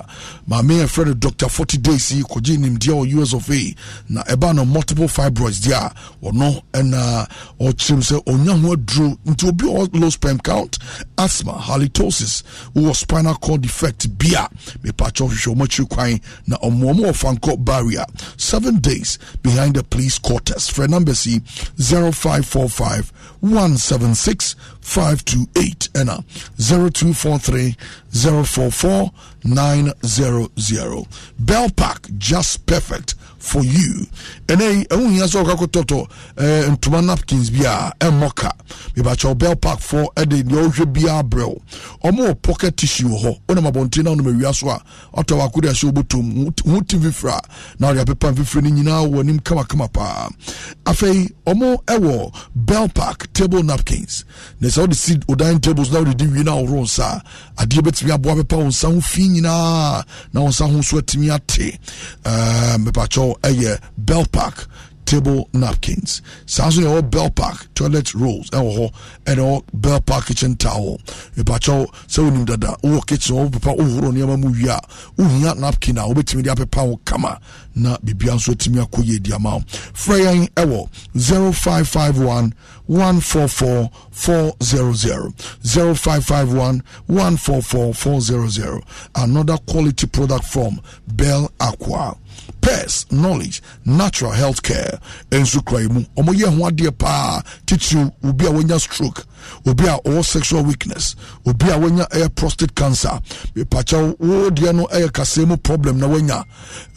maame yɛfrɛ no dr 40 days yi kɔgye nimdeɛ wɔ us of a na ɛba no multiple fibroids deɛ a ɔno ɛna ɔkyerɛm sɛ ɔnya ho aduro nti obi ɔ low sperm count asthma halitosis wowɔ spinal cord defect bi a mepakyɛw hwehwɛ ɔm akyiri kwan na ɔmoɔ ma wɔfankɔ barrier seven days behind the police quarters frɛ numbers yi 0545 176 06528 and 0243 044 900. Bell Park, just perfect. for you ɛnɛ ɛho hia sɛ ɔka kɔtɔtɔ ntoma napkins bi a ɛmmɔ eh, ka mebakyɛ bell park fo ɛde eh, deɛ ɔhwɛ biaa brɛw ɔma wɔ pocket tissue wɔ hɔ wonam abɔnten na wonom awia so a ɔtɔ wako de ahyɛ wobɔtom ho tim fifiri a na ɔde apepa mfifiri no nyinaa wɔ anim kamakama paa afei ɔmo ɛwɔ eh, bell park table napkins na sɛ wode si odan tables na wodedi wie no a woro nsa a adeɛ bɛtumi aboa pepa wo nsa ho fii nyinaa na wo nsa ho so atumi wɔ ɛyɛ bell park table napkins saa nso yɛwɔ bell park toilet rolls ɛwɔ hɔ ɛna ɛwɔ bell park kitchen towel ìpàkyɛw sɛ wonim dada wowɔ kitchen wɔn pepa wohoro nneɛma mu wie a wohia napkin a wobɛtumi de apepa wo kama na biribia nso tumi akɔ yie di ama wo frɛ yɛn ɛwɔ 0551 144 400 0551 144 400 another quality product from bell aqua pairs knowledge natural health care nso kura mu wɔn yɛ ho adeɛ paa titiri stroke ubia a sexual weakness ubia a air prostate cancer mipakyɛw wɔn wo diano air kaseɛ mu problem na wɔnya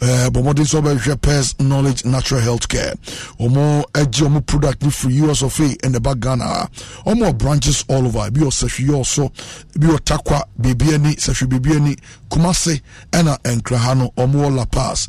ɛɛ eh, diso nso bɛhwɛ pairs knowledge natural health care Omo agye wɔn product ne free us of a ɛna ghana Omo branches all over ebi wɔ sɛhwi yɛ ɔso ebi wɔ takwa beebi ani sɛhwi kumase ena nkira omo la pass.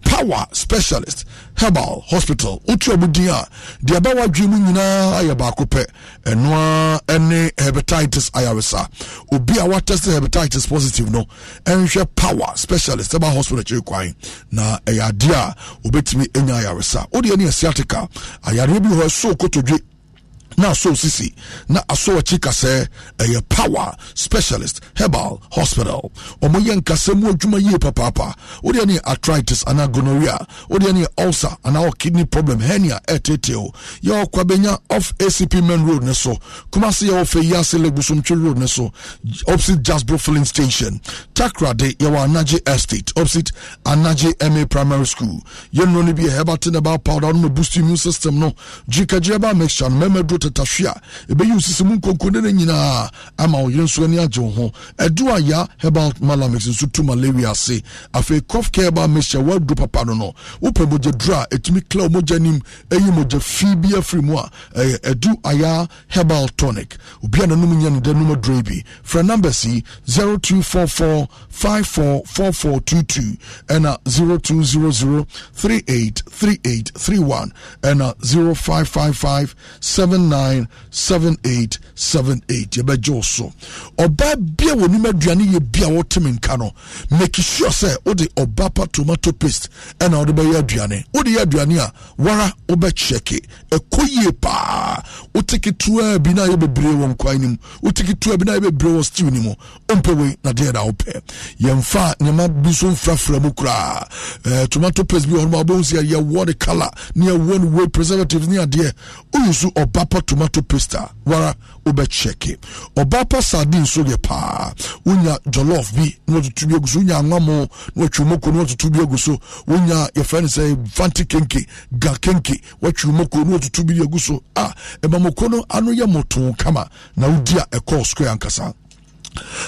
power specialist herbal hospital wotu ɔmo din a deɛ ɛbɛwa dwe mu nyinaa ayɛ baako pɛ ɛnoa ɛne hepatitis ayaresa obi a watɛsɛ hepatitis positive no ɛnhwɛ power specialist herbal hospital akyiri kwan na ɛyɛ adeɛ a obɛtumi anya ayaresa wodeɛ ne yɛ sciatica ayareɛ bi hɔ ɛso kotodwe na aso sisi na aso akyi kasɛ ɛyɛ power specialist herbal hospital wɔn yɛ nkasa mu adwuma yie papaapa wɔde yɛ ne arthritis anaa gonorrhea wɔde yɛ ulcer anaa kidney problem hernia ɛtete o yɛ ɔkwa benya off acp main road ne so kumasi yɛ ɔfɛ yase legusomtwe road ne so opposite jasbro filling station takra de wɔ anagye estate opposite anagye ma primary school yɛn nnuro no bi yɛ herbal tin powder ɔno na boost immune system no jikajiraba mixture no mɛmɛ duro tetahwe a ɛbɛyi wo sisi mu nkonkone no nyinaa ama wo yere nso ani agye wo ho ɛdu aya herbal malamix nso tu malaria ase afei cof care herbal mixture woaduru papa no no wopɛ mogya duru a ɛtumi kla wo mogya nim ɛyi mogya fii bi afiri mu a ɛyɛ ɛdu aya herbal tonic obia nanom nya ne dɛ nom adurɛ bi frɛ numbers yi 0244 544422 ɛna 0200 383831 ɛna 0555 7 nine seven eight seven eight yɛbɛgye wo so ɔbaa bia wɔ nim aduane yɛ bia wɔtemi nka no make sure sɛ wode ɔbapa tomato paste ɛna wode bɛyɛ aduane wode yɛ aduane a wara wobɛkyɛke ɛkɔ yie paa wote ketewa bi no a yɛ bebree wɔ nkwan no mu wote ketewa bi no a yɛ bebree wɔ stew no mu ɔmpɛ wei na deɛ na wopɛ yɛmfa nneɛma bi nso mfrafra mu koraa ɛɛ tomato paste bi wɔ hɔ no ma wobɛhu sɛ yɛwɔ ne colour ne yɛwɔ ne wei preservatives ne adeɛ woyu so ɔbapa akwa tomato pasta wara wobɛkyɛke ɔbaa pa sade nso yɛ paa wonya jolof bi na watoto bi agu so wonya anwamo na watwi moko na watoto bi agu so wonya yɛfrɛ no sɛ vante kenke ga kenke watwi moko na watoto bi agu so a ah, ɛma no ano yɛ motoo kama na wodi a ɛkɔɔ square ankasa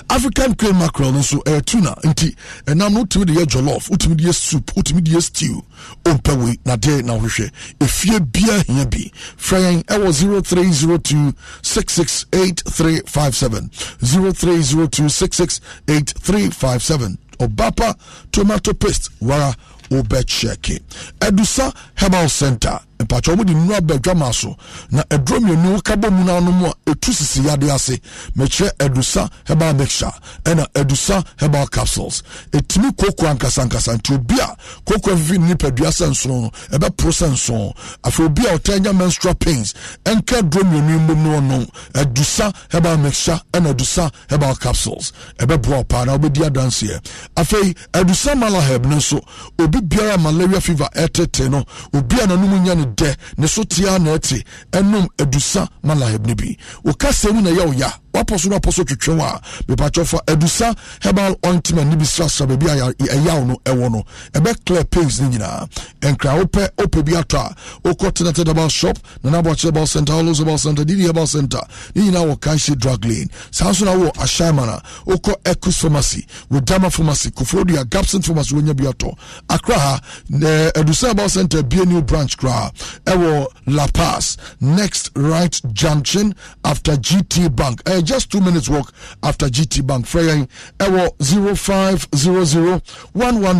african cream mackerel no nso ɛyɛ tuna nti ɛnam no wotumi de yɛ jollof wotumi de yɛ soup wotumi de yɛ stew ompɛ wei na deɛ na wohwehwɛ efie bia hia bi frɛ yɛn ɛwɔ 0302 668357 0302 668357 ɔbapa tomato paste wara wobɛkyɛke adusa herbal center mpakyɛ wɔn de nnuro abɛ adwama so na aduro mmienu kabɔ mu na anomu a etu sisi yadeɛ ase mɛkyerɛ adusa herbal mixture ɛna adusa herbal capsules etimi koko ankasankasa nti obi a koko afifi ne nipadua sɛ nson no ɛbɛporo sɛ nson afei obi a ɔtɛn nya menstrual pains ɛnka aduro mmienu mbom no ɔnom adusa herbal mixture ɛna adusa herbal capsules ɛbɛboa paa na wobɛdi adanseɛ afei adusa malahab ne nso obi biara malaria fever ɛtete no obi a n'anum nya ne dɛ ne so tia na ɛte ɛnom adusa na lahɛbne bi wo kasɛ mu na ɛyɛ wo ya wapɔ so no apɔ so twetwe wo a mepakyɛ fa adusa hebal ointment ne bi srasra baabi a ɛyaw no ɛwɔ no ɛbɛ clear pains no nyinaa ɛnkra wopɛ wopɛ bi atɔ a wokɔ tenated about shop nanaboakyerɛ about center holos about center didi about center ne nyinaa wɔ kanhye drug lane saa nso na wowɔ ashaiman a wokɔ ecus pharmacy wodama pharmacy kofrodua gapson pharmacy wonya bi atɔ akra ha adusa about center bie branch koraa ɛwɔ la pass next right junction after gt bank ɛyɛ just two minutes walk after gt bank zero zero zero zero zero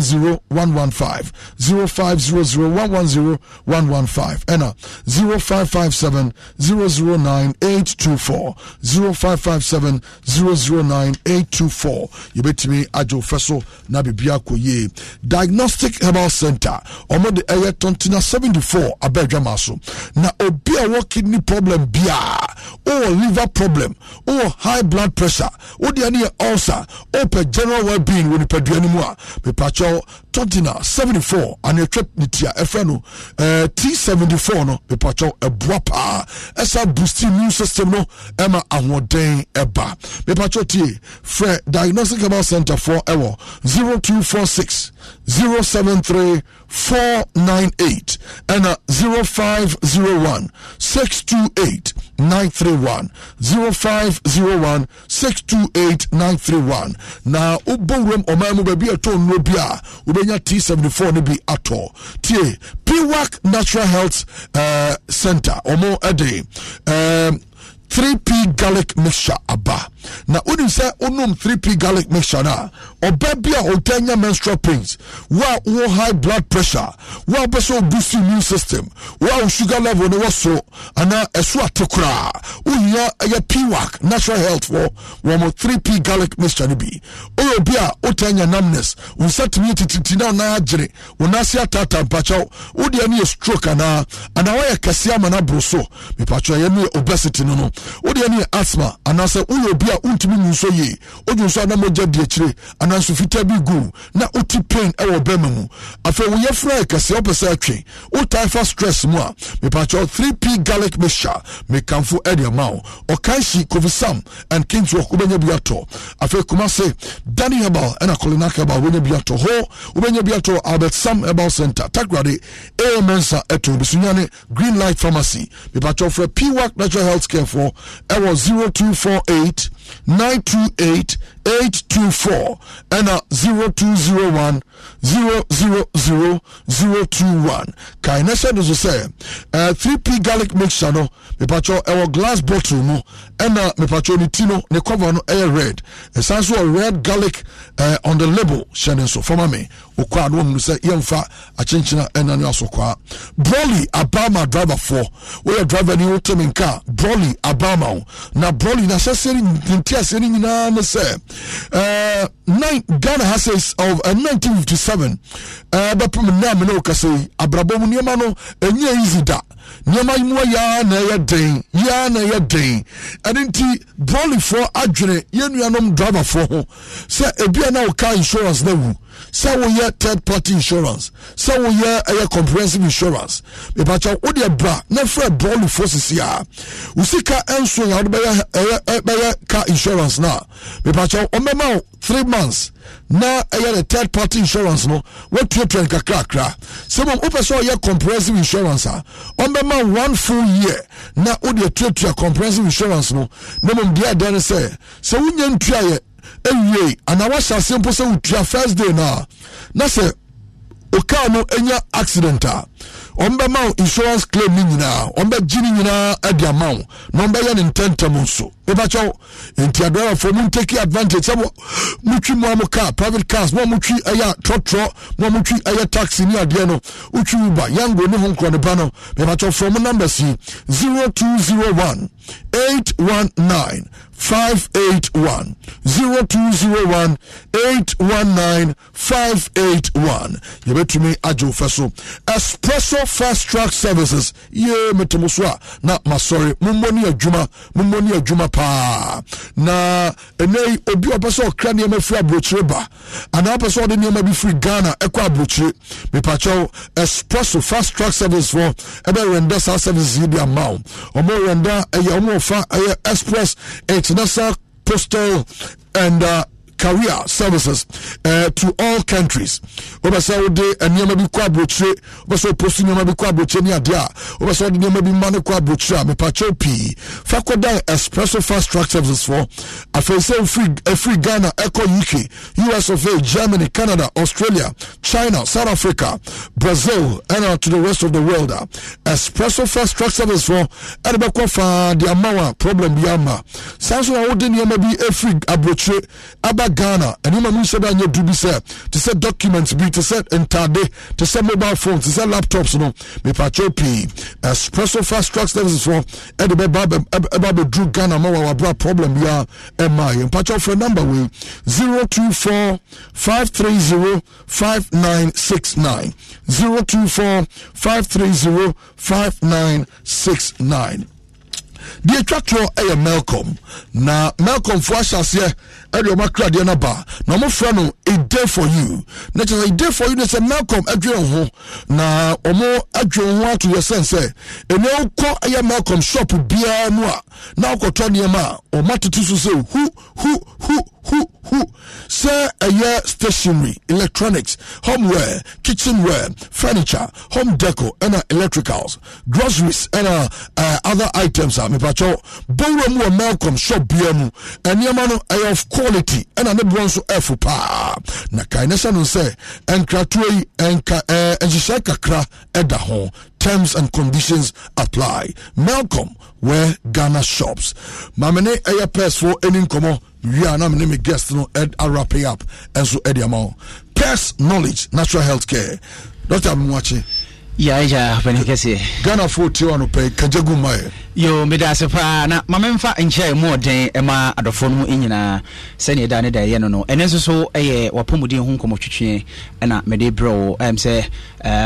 zero zero zero zero five five five five. five five one one one one one one one one frɛ yɛn ɛwɔ 0500 110 115 0500 110 115 ɛna 0557 009 824 0557 009 824 yɛbɛtumi agye fɛ so na biribia kɔ yie diagnostic herbal center Omo de tontina seventy four. abɛdwama so na obi a kidney problem biaa ɔwɔ liver problem ɔwɔ wowɔ oh, high blood pressure wodeɛ ne yɛ ulcer wopɛ general well-being wɔ nipadua no mu a mepakyɛw tɔntina 74 ane atwa ne tia ɛfrɛ no t74 no mepakyɛw ɛboa paa ɛsa boosti immune system no ɛma ahoɔden ɛba mepakyɛw tie frɛ diagnostic herbal center foɔ ɛwɔ 0246 073 498 ɛna 0501 628 931 0501 628 931 na wobɔ wuram ɔman mu baabi ɛtɔ nnuro bi a wobɛnya t74 no bi atɔ tie pwac natural health uh, center ɔmo ɛde um, 3p garlic mixture aba na wonim sɛ wonom 3p garlic mixture no a ɔbɛ bi a ɔda nya menstrual pains wo a wo high blood pressure wo a wopɛ sɛ immune system wo a wo sugar level no wɔ soro anaa ɛso ate koraa wohia ɛyɛ pwac natural health wɔ wɔmo 3p garlic mixture no bi woyɛ obi a wotaa nya numbness wo nsa tumi tititi na wonaa agyere wo nase ataataa mpakyɛw wodeɛ no yɛ stroke anaa anaa woayɛ kɛseɛ ama no aboro so mepakyɛw ɛyɛ no yɛ obesity no no wodeɛ no yɛ asthma anaasɛ woyɛ obi a a wontumi nwu nso yie wodwu nso ana mogya di akyire ananso fitaa bi gu na woti pain wɔ bɛma mu afei woyɛ frɛ kɛseɛ wopɛ sɛ atwe wotae fa stress mu a mepakyɛ 3p garlic mixture mekamfo ɛde ama wo ɔkanhyi kofisam and kings wɔ wobɛnya bi atɔ afei kuma se dani herbal ɛna colinac herbal wobɛnya bi atɔ hɔ wobɛnya bi atɔ albert sam herbal center takrade a mensa ɛto bisunyane green light pharmacy mepakyɛ frɛ pwac natural health care two four eight. 928 824 ɛna 0201 000021 kae na hyɛ no so sɛ uh, 3p garlic mixture no mepatwɛ ɛwɔ glass bottle mu ɛna mepatwɛ ne ti no ne uh, cover no ɛyɛ red ɛsan so wɔ red garlic uh, on the label hyɛ ne nso fama me wokɔa no wɔmunu sɛ yɛmfa akyenkyena ɛna no aso kwaa broly abama driverfoɔ woyɛ driver ni wotem nka broly abama wo na broly nahyɛ sɛ ne ntiaseɛ no nyinaa ne sɛ uh, nine, Ghana has says of uh, 1957 uh, bɛpem nna mene wo kasa yi abrabɔ mu nneɛma no ɛnyɛ easy da nneɛma mu yɛa na ɛyɛ den yɛa na ɛyɛ den ɛne nti brɔlifoɔ adwene yɛn nuanom driverfoɔ ho sɛ ebi a na woka insurance na wu sɛ woyɛ third party insurance sɛ woyɛ ɛyɛ comprehensive insurance mipakyɛ wodeɛ bra na frɛ bɔɔlifo sisi a wosika nso na wode bɛyɛ ɛyɛ ɛbɛyɛ car insurance na mipakyɛ ɔmbɛma wo three months na ɛyɛ eh, the third party insurance no wɔtuatua nkakrakra sɛ mom wopɛ sɛ ɔyɛ comprehensive insurance a ɔmbɛma one full year na wode tuatua comprehensive insurance no na mom deɛ ɛdɛ no sɛ sɛ wonya ntuayɛ ewie anaa wahyɛ ase mpo sɛ wotua first day no na sɛ okaa no anya accident a wɔn bɛ ma wo insurance claim nyinaa wɔn bɛ gyi ne nyinaa ɛde ama wo na wɔn bɛ yɛ ne ntɛntɛm nso ebakyɛw nti adɔyɛfoɔ mu ntaki advantage sɛ mo twi mo a mo car private cars mo a mo twi ɛyɛ trɔtrɔ mo a mo twi ɛyɛ taxi ne adeɛ no wotwi uber yango ne ho nkorɔnipa no ebakyɛw fɔ mo number si zero two zero one eight one nine. 581 0201 819 581 yɛbɛtumi agye wo fɛ so espresso fast track services yee metemo so a na masɔre mommɔ ne adwuma mommɔ ne adwuma paa na ɛnɛi obi a ɔpɛ sɛ ɔkra nneɛma firi aburokyire ba anaa ɔpɛ sɛ ɔde nneɛma bi firi ghana ɛkɔ aburokyire mepakyɛw espresso fast track service fo ɛbɛ renda saa services yi de ama wo ɔmo renda ɛyɛ ɔmo ɔfa ɛyɛ express international postal and uh, career services uh, to all countries wobɛsɛ wode eh, nneɛma bi kɔ aburokyire wobɛsɛ woposi nneɛma bi kɔ aburokyire ne adeɛ a wobɛsɛ wode nneɛma bi ma ne espresso fast track services for afei sɛ ɛfiri ghana echo uk us of a germany canada australia china south africa brazil ɛna to the rest of the world a espresso fast track services for ɛde bɛkɔ faa de ama wo problem bi ama saa nso na wode nneɛma bi aba ghana ɛnneɛma mu nhyɛ bi anyɛ duru bi sɛ te sɛ document bi te sɛ ntaade te sɛ mobile phone te sɛ laptops no mipatwɛ pii espresso fast track services fo ɛde bɛba ɛba abɛduru ghana ma wawabra problem biara ɛma yɛ mpatwɛ fɛ number wei zero two four five three zero five nine six nine zero two four five three zero five nine six nine deɛ atwa toɔ yɛ melcom na melcomfoɔ ahyɛseɛ ɛde ɔma kradeɛ no ba na ɔmofrɛ no a day for you na kyerɛ sɛ a day for you ne sɛ melcom adwene ho na ɔmo adwene ho ato yɛ sɛn sɛ ɛnɛ wokɔ ɛyɛ melcom shop biara mu a na wokɔtɔ nneɛma a ɔma tete so sɛ hu hu hu huhu sɛ ɛyɛ stationery electronics homeware kitchenware furniture home deco ɛna electricals groceries ɛna uh, other items a mepakyɛw bowura mu wɔ malcolm shop bia mu nneɛma no uh, ɛyɛ of quality ɛna ne borɔ nso ɛfo paa na kae ne hyɛ no sɛ ɛnkratoa yi ɛnka kakra ɛda ho terms and conditions apply malcolm where ghana shops Mamene ne ɛyɛ pɛsfoɔ ɛni komo. wia na mene me guest no arapay up ɛnso ɛde ama wo pers knowledge natural health care dr memoakye yaagya pɛne kɛseɛ ghanafoɔ tie wa no pɛi kagya gu maɛ yo meda ase paa na ma memfa nkyerɛ mu ɔden ɛma adɔfoɔ no mu nyinaa sɛneɛ da ne da ɛyɛ no no ɛno nso so ɛyɛ wapɔmuden ho nkɔmmɔtwetwe ɛna mede berɛ wo ɛm sɛ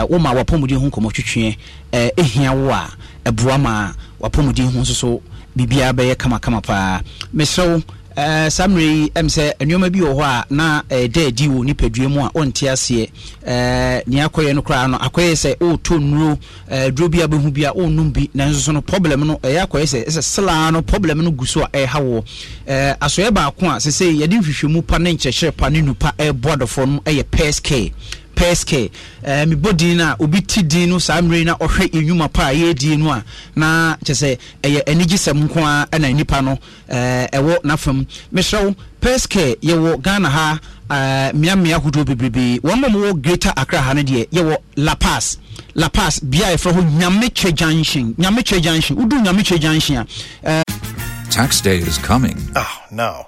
woma wapɔmuden ho nkɔmmɔtwetwe ɛhia wo a ɛboa ma wapɔmuden ho nso so biribiaa bɛyɛ kamakama paa mesrɛ so. Uh, eh, samre yi m sɛ nneɛma bi wɔ hɔ a na uh, eh, da adi wɔ nipadua mu a ɔnte aseɛ uh, nea akɔyɛ no koraa no akɔyɛ sɛ ɔretɔ nnuro duro bi a bi a ɔnnom bi nanso so no problem no ɛyɛ akɔyɛ sɛ ɛsɛ selaa no problem no gu so a ɛha wɔ asɔeɛ baako a sɛsɛ yɛde nhwehwɛmu pa ne nkyerɛkyerɛ pa ne nupa ɛrebɔ adɔfoɔ no yɛ pɛs din obi din no saa na ɔhwɛ pa a no a na kyɛ sɛ ɛyɛ anigyesɛm nko ɛna no ɛwɔ yɛwɔ ghana ha mmeammea ahodoɔ bebrebe wɔn greater accra ha no deɛ yɛwɔ la paz la paz bia yɛfrɛ junction junction junction a tax day is coming oh ah, no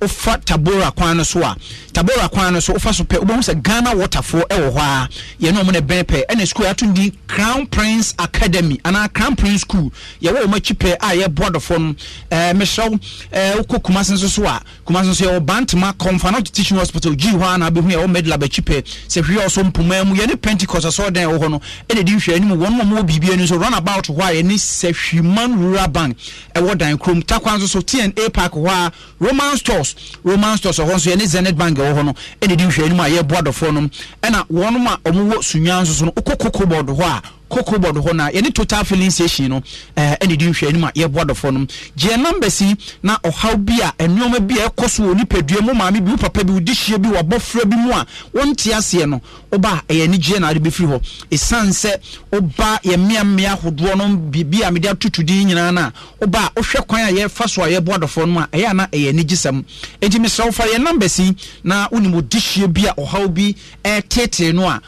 wofa tabora kwan no so a tabora kwan no so wofa so pɛ wobɛhu sɛ ghana waterfoɔ ɛwɔ hɔ a yɛne ɔmo ne bɛn pɛ ɛna school ato din crown prince academy anaa crown prince school yɛwɔ ɔmo akyi pɛ a yɛboa dɔfoɔ no ɛɛ mehyerɛw ɛɛ wokɔ kumase nso so a kumase nso yɛwɔ bantama kɔnfana teaching hospital gyi hɔ a na abɛhu yɛwɔ medlab akyi pɛ sɛ hwee ɔso mpoma mu yɛne pentecost asɔɔdan ɛwɔ hɔ no ɛna di nhwɛ anim wɔn mu biribi ani so run about hɔ a yɛne sɛhwiman rural bank ɛwɔ dan kurom takwa nso so tna park hɔ a roman stores stores roman stores ɔhɔ nso yɛne zenit bank ɛwɔ hɔ no ɛne di nhwɛ anim a yɛboa dɔfoɔ nom ɛna wɔnom a ɔmowɔ sunya nso so no wokɔ kokobɔd hɔ a cocoa board hɔ na yɛne total filling station no eh, ɛne di nhwɛ anim a yɛboa dɔfoɔ no gyeɛ numbers yi na ɔhaw bi a nneɛma bi a ɛkɔ so wɔ nipadua mu maame bi wo papa bi wo de hyia bi wɔabɔfra bi mu a wɔnte aseɛ no woba a ɛyɛ ne gyeɛ na ade bɛfiri hɔ ɛsiane sɛ woba yɛ mmea mmea ahodoɔ no biribi a mede atoto din nyinaa no a a wohwɛ kwan a yɛfa so a yɛboa dɔfoɔ no a ɛyɛ ana ɛyɛ ne gyesɛm enti mesrɛ wo fa yɛ numbers yi na wonim wo de hyia bi a ɔhaw bi ɛtetee no a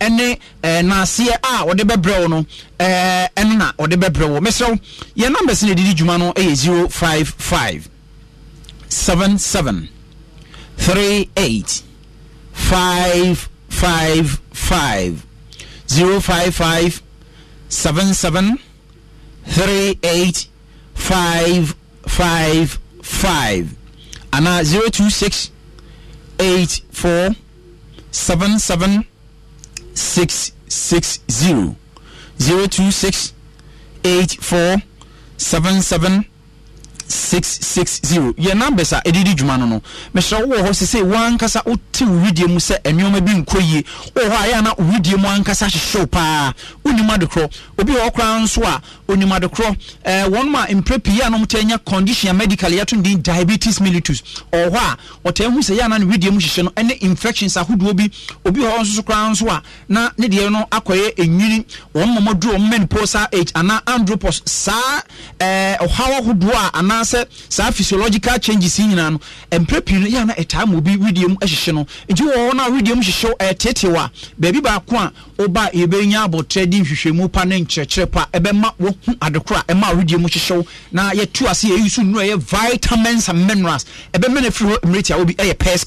ɛne ɛɛ eh, naaseɛ a ɔde bɛbrɛ wo no ɛɛ eh, ɛne na ɔde bɛbrɛ wo mesrɛw yɛn numbers na edidi dwuma no ɛyɛ zero five five seven seven three eight five five five zero five five seven seven three eight five five five ana zero two six eight four seven seven six six zero zero two six eight four seven seven six six zero yɛ numbers a ɛdidi dwuma no no mehyerɛ wowɔ hɔ sɛ sɛ woankasa wote wo widie mu sɛ nneɔma bi nkɔ yie wowɔ hɔ a yɛ ana wo widie mu ankasa hyehyɛw paa wonim adekorɔ obi wɔ koraa nso a onimadokorɔ ɛɛ wɔn mu a mpere pii a wɔn nya condition medical yɛto ne diabetes mellitus ɔwɔ hɔ a ɔtɛn ho sɛ yɛ anan wi mu hyehyɛ no ɛne infections ahodoɔ bi obi wɔ hɔ nso so koraa nso a na ne deɛ no akɔyɛ enyini wɔn mɔmɔ duro wɔn menopausal age anaa andropos saa ɛɛ ɔhaw ahodoɔ a anaasɛ saa physiological changes yi nyinaa no mpere pii no yɛ anan ɛtaa ma obi wi deɛ mu hyehyɛ no nti wɔwɔ na wi deɛ mu hyehyɛ ɛɛtetewa baabi baako a ɔba yɛbɛnya abɔtɛ di nhwehwɛmu pa ne nkyerɛkyerɛ pa ɛbɛma wɔ hu adekora ɛma awodeɛ mu hyehyɛw na yɛtu ase yɛyi so nnuro ɛyɛ vitamins and minerals ɛbɛma no afiri hɔ mmerɛti a wobi ɛyɛ pɛs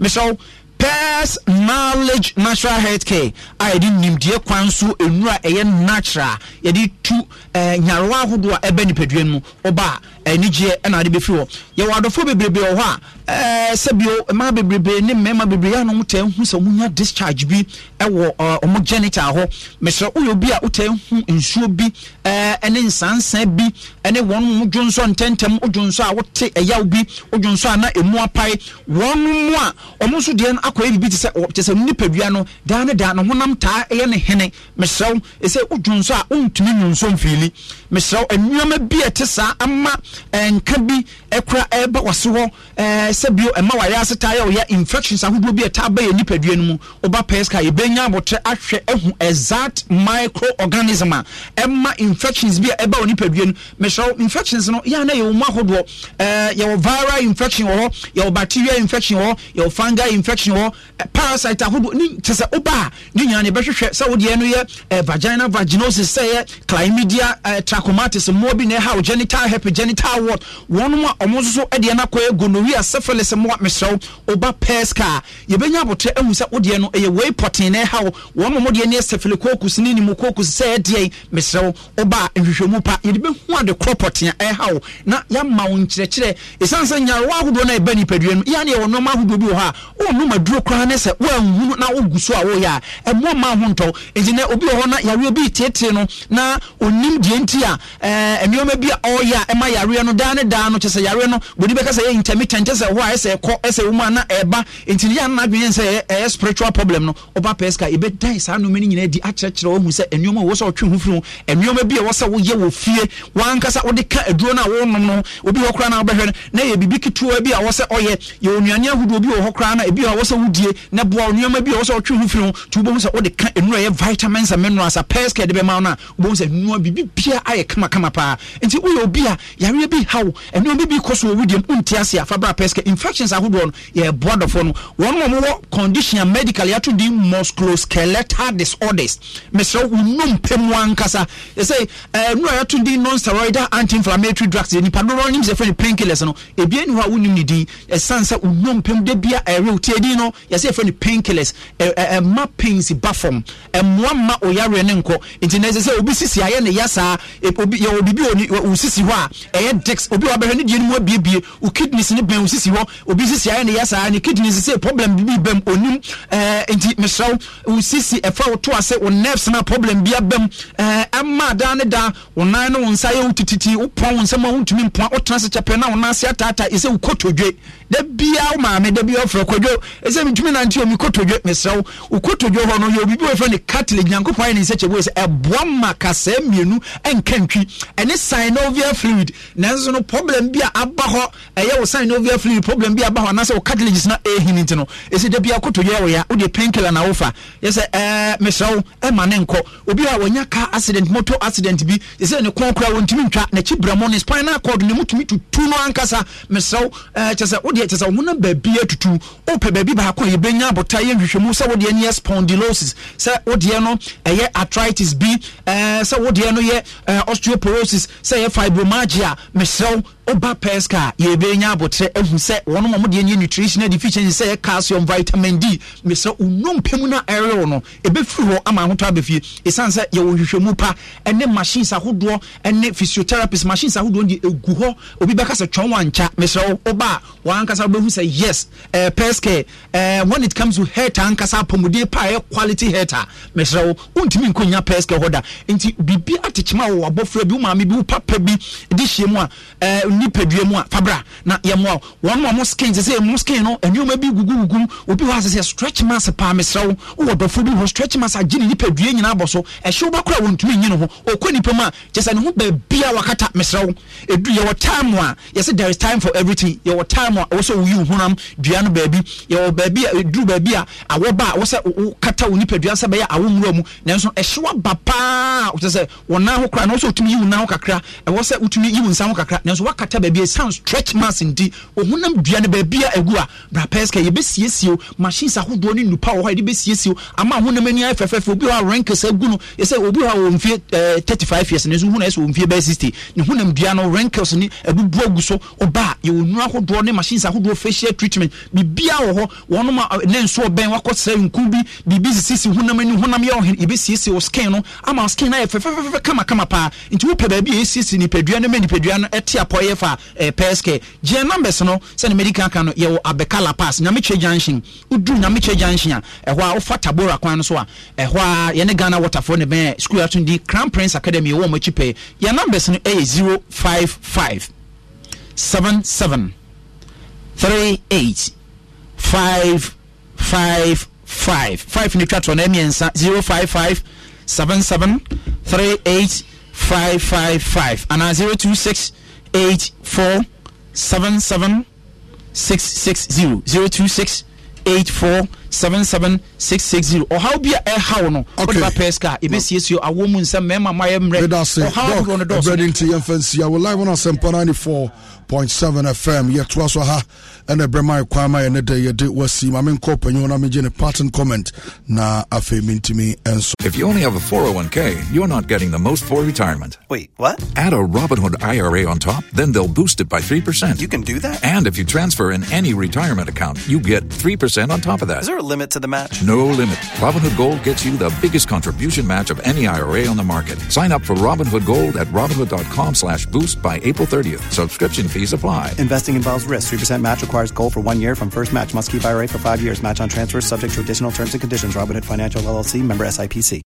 mesɛw pairs knowledge natural health care a yɛde nimdeɛ kwan so nnura ɛyɛ natural yɛde tu eh, nyarewa ahodoɔ a ɛbɛ nipadua no mu ɔbaa anigyeɛ ɛna ade bɛfiri hɔ yɛwɔ adɔfoɔ bebrebe wɔ hɔ a sɛ bio mmaa bebrebe ne mmarima bebrebe a na wotaa hu sɛ wonya discharge bi ɛwɔ ɔmo janitor hɔ mesrɛ woyɛ obi a wotaa hu nsuo bi ɛne nsansan bi ɛne wɔn mo dwonso ntɛntɛm wodwonso a wote ɛyaw bi wodwonso a na emu apae wɔn mu a ɔmo nso deɛ no akɔyɛ biribi te sɛ te sɛ nipadua no daa ne daa no honam taa ɛyɛ ne hene mesrɛ wo ɛsɛ wodwonso a wontumi nwonso mfiili mesrɛ wo nneɛma bi a ɛte saa ama nka bi eh, kora ɛreba eh, wɔse eh, hɔ sɛ bio ɛma wayɛ ase taa yɛ wɔyɛ infections ahodoɔ bi ɛtaa bɛyɛ nipadua no mu woba pɛs yɛbɛnya abɔtɛ ahwɛ ahu exact microorganism a ɛma infections bi a ɛba wɔ nipadua no mehyɛ infections no yɛ ana yɛwɔ mu ahodoɔ yɛwɔ viral infection wɔ hɔ yɛwɔ bacteria infection wɔ hɔ yɛwɔ fungal infection wɔ hɔ parasite ahodoɔ ne kyɛ sɛ woba a ne nyinaa ne bɛhwehwɛ sɛ wodeɛ no yɛ vaginal vaginosis sɛ yɛ chlamydia trachomatis mmoa bi na ɛha wo genital herpes genital congenital ward wɔn mu a wɔn nso deɛ no akɔyɛ gonorrhea syphilis mu a mesrɛw oba pairs car yɛbɛnya abotire ahu sɛ wodeɛ no ɛyɛ wei pɔten na ɛha wo wɔn mu deɛ no yɛ staphylococcus ne pneumococcus sɛ ɛdeɛ mesrɛw oba nhwehwɛmu pa yɛde bɛhu ade korɔ pɔten ɛha wo na yɛama wo nkyerɛkyerɛ ɛsiane sɛ nyarewa ahodoɔ no a ɛba nipadua no yɛa ne yɛwɔ nneɔma ahodoɔ bi wɔ hɔ a wɔnom aduro koraa ne sɛ woanhunu na wogu so a woyɛ a ɛmmoa ma ho ntɔ nti nɛ obi wɔ hɔ na yareɛ bi tietie no na ɔnim deɛ nti a nneɔma bi a ɔreyɛ yareɛ no daa ne daa no kyɛ sɛ yareɛ no bodi bɛka sɛ yɛ intermittent kyɛ sɛ ɛhɔ a ɛsɛ ɛkɔ ɛsɛ ɛwɔ mu a na ɛba nti yɛ ano adwene sɛ ɛyɛ spiritual problem no ɔba pɛɛ sika ɛbɛdan saa nneɛma no nyinaa di akyerɛkyerɛ ɔhu sɛ nneɛma wɔ sɛ ɔtwe ho firi ho nneɛma bi a ɛwɔ sɛ woyɛ wɔ fie wankasa wode ka aduro no a wɔnom no obi hɔ koraa na wobɛhwɛ no na yɛ biribi ketewa bi a ɛwɔ sɛ ɔyɛ yɛwɔ nnuane ahodoɔ bi wɔ hɔ koraa na ebi a ɛwɔ sɛ wodie na boa nneɛma bi a ɛwɔ sɛ ɔtwe ho firi ho nti wobɛhu sɛ wode ka nnuro yɛ vitamins and minerals a pɛɛ sika de bɛma wo no a wobɛhu sɛ nnua biribi biara ayɛ kamakama paa nti woyɛ obi a yare awareɛ bi haw ɛnoɔma bi kɔ so wɔ wudiam wonti ase a fabra infections ahodoɔ no yɛboa dɔfoɔ no wɔn mɔ mowɔ condition a medical yɛato din musculoskeletal disorders mesrɛ wonom pɛ mu ankasa ɛsɛ ɛnu eh, a yɛato din nonsteroidal anti-inflammatory drugs yɛ nipa dodoɔ nim sɛ fɛn killers. no ebien ni hɔ a wonim ne din ɛsan sɛ wonom pɛ mu de bia ɛyɛ eh, wotie din no yɛsɛ fɛn painkillers ɛ ɛ ɛma pains ba fam ɛmoa eh, ma oyareɛ ne nkɔ nti na ɛsɛ sɛ obi sisi ayɛ ne yasa obi yɛ obi bi wɔ ne sisi hɔ a ɛyɛ ɛyɛ dex obi wa bɛhwɛ ne deɛ no abiebie wo kidneys ne bɛn wo sisi hɔ obi sisi ayɛ ne yɛ saa ne kidneys sɛ problem bi bɛm onim ɛɛ eh, nti mesrɛ wo sisi ɛfa wo to ase wo nerves na problem bi abɛm ɛɛ eh, ɛma dan ne dan wo nan ne wo nsa yɛ wo tititi wo pɔn wo nsɛm a wo ntumi mpɔn wo tena se kyɛpɛ na wo nan se ataata ɛsɛ wo kotodwe da bia wo maame da bia ɔfrɛ kodwo ɛsɛ metumi nante omi kotodwe mesrɛ wo wo kotodwe hɔ no yɛ obi bi wɔfrɛ ne catholic nyankopɔn ayɛ ne nsɛ kyɛ fluid nanso no problem bi a aba hɔ ɛyɛ wo sign ovia flu problem bi aba hɔ anaasɛ wo cartilages na ɛhini nti no ɛsi da bi akotoyɛ wo ya wode pain killer na wofa yɛ sɛ ɛɛ mesrɛ wo ɛma ne nkɔ obi a wanya car accident moto accident bi yɛ sɛ ne kɔn kora wɔntumi ntwa n'akyi brɛmɔ ne spinal cord ne mutumi tutu no ankasa mesrɛ wo ɛɛ kyɛ sɛ wodeɛ kyɛ sɛ wo honam baabi atutu wopɛ baabi baako a yɛbɛnya abota yɛnhwehwɛ mu sɛ wodeɛ no yɛ spondylosis sɛ wodeɛ no ɛyɛ arthritis bi ɛɛ sɛ wodeɛ no yɛ ɛɛ osteoporosis sɛ ɛyɛ fibromyalgia missão woba pesca yɛbɛnya abotrɛ ahu sɛ wɔnom ɔmo deɛ nyɛ nutritional deficiency sɛ yɛ calcium vitamin d mesɛ wonompa mu no ɛrewo no ɛbɛfiri hɔ ama ahotɔ abɛfie ɛsiane sɛ yɛwɔ hwehwɛmu pa ɛne machines ahodoɔ ɛne physiotherapist machines ahodoɔ de ɛgu hɔ obi bɛka sɛ twɔn wankya mesrɛ wo woba a wɔankasa wobɛhu sɛ yes uh, eh, pesca uh, eh, when it comes to hair ankasa apɔmuden pa ɛyɛ quality hair ta mesrɛ wo wontumi nkɔnya pesca hɔ da nti biribi atekyema wɔ wabɔfra bi wo maame bi wo papa bi de hyia mu a uh, nipadua mu a fabra na yɛmmoa wɔn mu a mo skin te sɛ ɛmu skin no nneɛma bi gugu gugu obi hɔ asɛ sɛ stretch mask paa mesrɛ wo wowɔ dɔfo bi hɔ stretch mask agye ne nipadua nyinaa bɔ so ɛhyew ba kora wɔntumi nyi no ho ɔkɔ nipa mu a kyɛ sɛ ne ho baabia wakata mesrɛ wo ɛdu yɛwɔ time a yɛsɛ there is time for everything yɛwɔ time a ɛwɔ sɛ woyi wo honam dua no baabi yɛwɔ baabi a ɛduru baabi a awɔ ba a wɔ sɛ wokata wo nipadua sɛ bɛyɛ awo nwura mu nanso ɛhyew aba paa kyɛ sɛ wɔnan ho kora na wɔ sɛ wotumi yi wo nan ho kakra ɛwɔ sɛ wotumi yi wo nsa ho kakra nanso waka akata baabi san stretch mass nti ohunam dua no baabi a ɛgu a brapɛs ka yɛbɛsiesie o machines ahodoɔ ne nnupa wɔ hɔ yɛde bɛsiesie ama ahonam ani ayɛ fɛfɛɛfɛ obi hɔ a renkes agu no yɛsɛ obi hɔ a eh, wɔ mfie ɛɛ thirty five years ne nso huna yɛsɛ wɔ mfie bɛyɛ sixty ne hunam dua no renkes ne abubu agu so ɔbaa yɛwɔ nnuro ahodoɔ ne machines ahodoɔ facial treatment bibia wɔ hɔ wɔn a ne nso ɔbɛn wakɔ sɛ nku bi biribi sisi hunam ani hunam yɛ ɔhen yɛbɛsiesie wɔ skin no ama skin no ayɛ fɛfɛɛfɛ kamakama paa nti wopɛ baabi a yɛsiesie nipadua no ma nipadua no ɛte apɔ ɛyɛ fa eh, pɛskɛ gyɛ numbers no sɛne medical ka no yɛwɔ abɛka la pass nyamekyɛ junction woduru nyamekyɛ junction a ɛhɔ a wofa tabora kwan no so a ɛhɔ a yɛne ghana waterfoɔ ne bɛn school atondi crown prince academy ɛwɔ ɔmakyi pɛi yɛ numbers no ɛyɛ 055 77 38 5 5 5 5 ne twa toɔ no ɛmiɛnsa 055 77 38 555 anaa 026 eight four seven seven six six zero zero two six eight four seven seven six six zero ɔhaw bi a ɛha wo no wode ba pɛs kaa ɛbɛsiesie awɔ mu nsɛm mmarima ma yɛmmerɛ ɔhaw dodoɔ no dɔsbrɛde nti yɛmfa nsia wo live no asɛmpa 94.7 fm yɛtoa so ha ɛna ɛkwan ma dɛ yɛde wasi ma na megye ne comment na afei mentimi ɛnso if you only have a 401k you're not getting the most for retirement wait what add a robinhood ira on top then they'll boost it by 3% you can do that and if you transfer in any retirement account you get 3% on top of that is there a limit to the match no limit robinhood gold gets you the biggest contribution match of any ira on the market sign up for robinhood gold at robinhood.com slash boost by april 30th subscription fees apply investing involves risk 3% match required requires goal for one year from first match. Must keep IRA for five years. Match on transfers subject to additional terms and conditions. Robinhood Financial LLC member SIPC.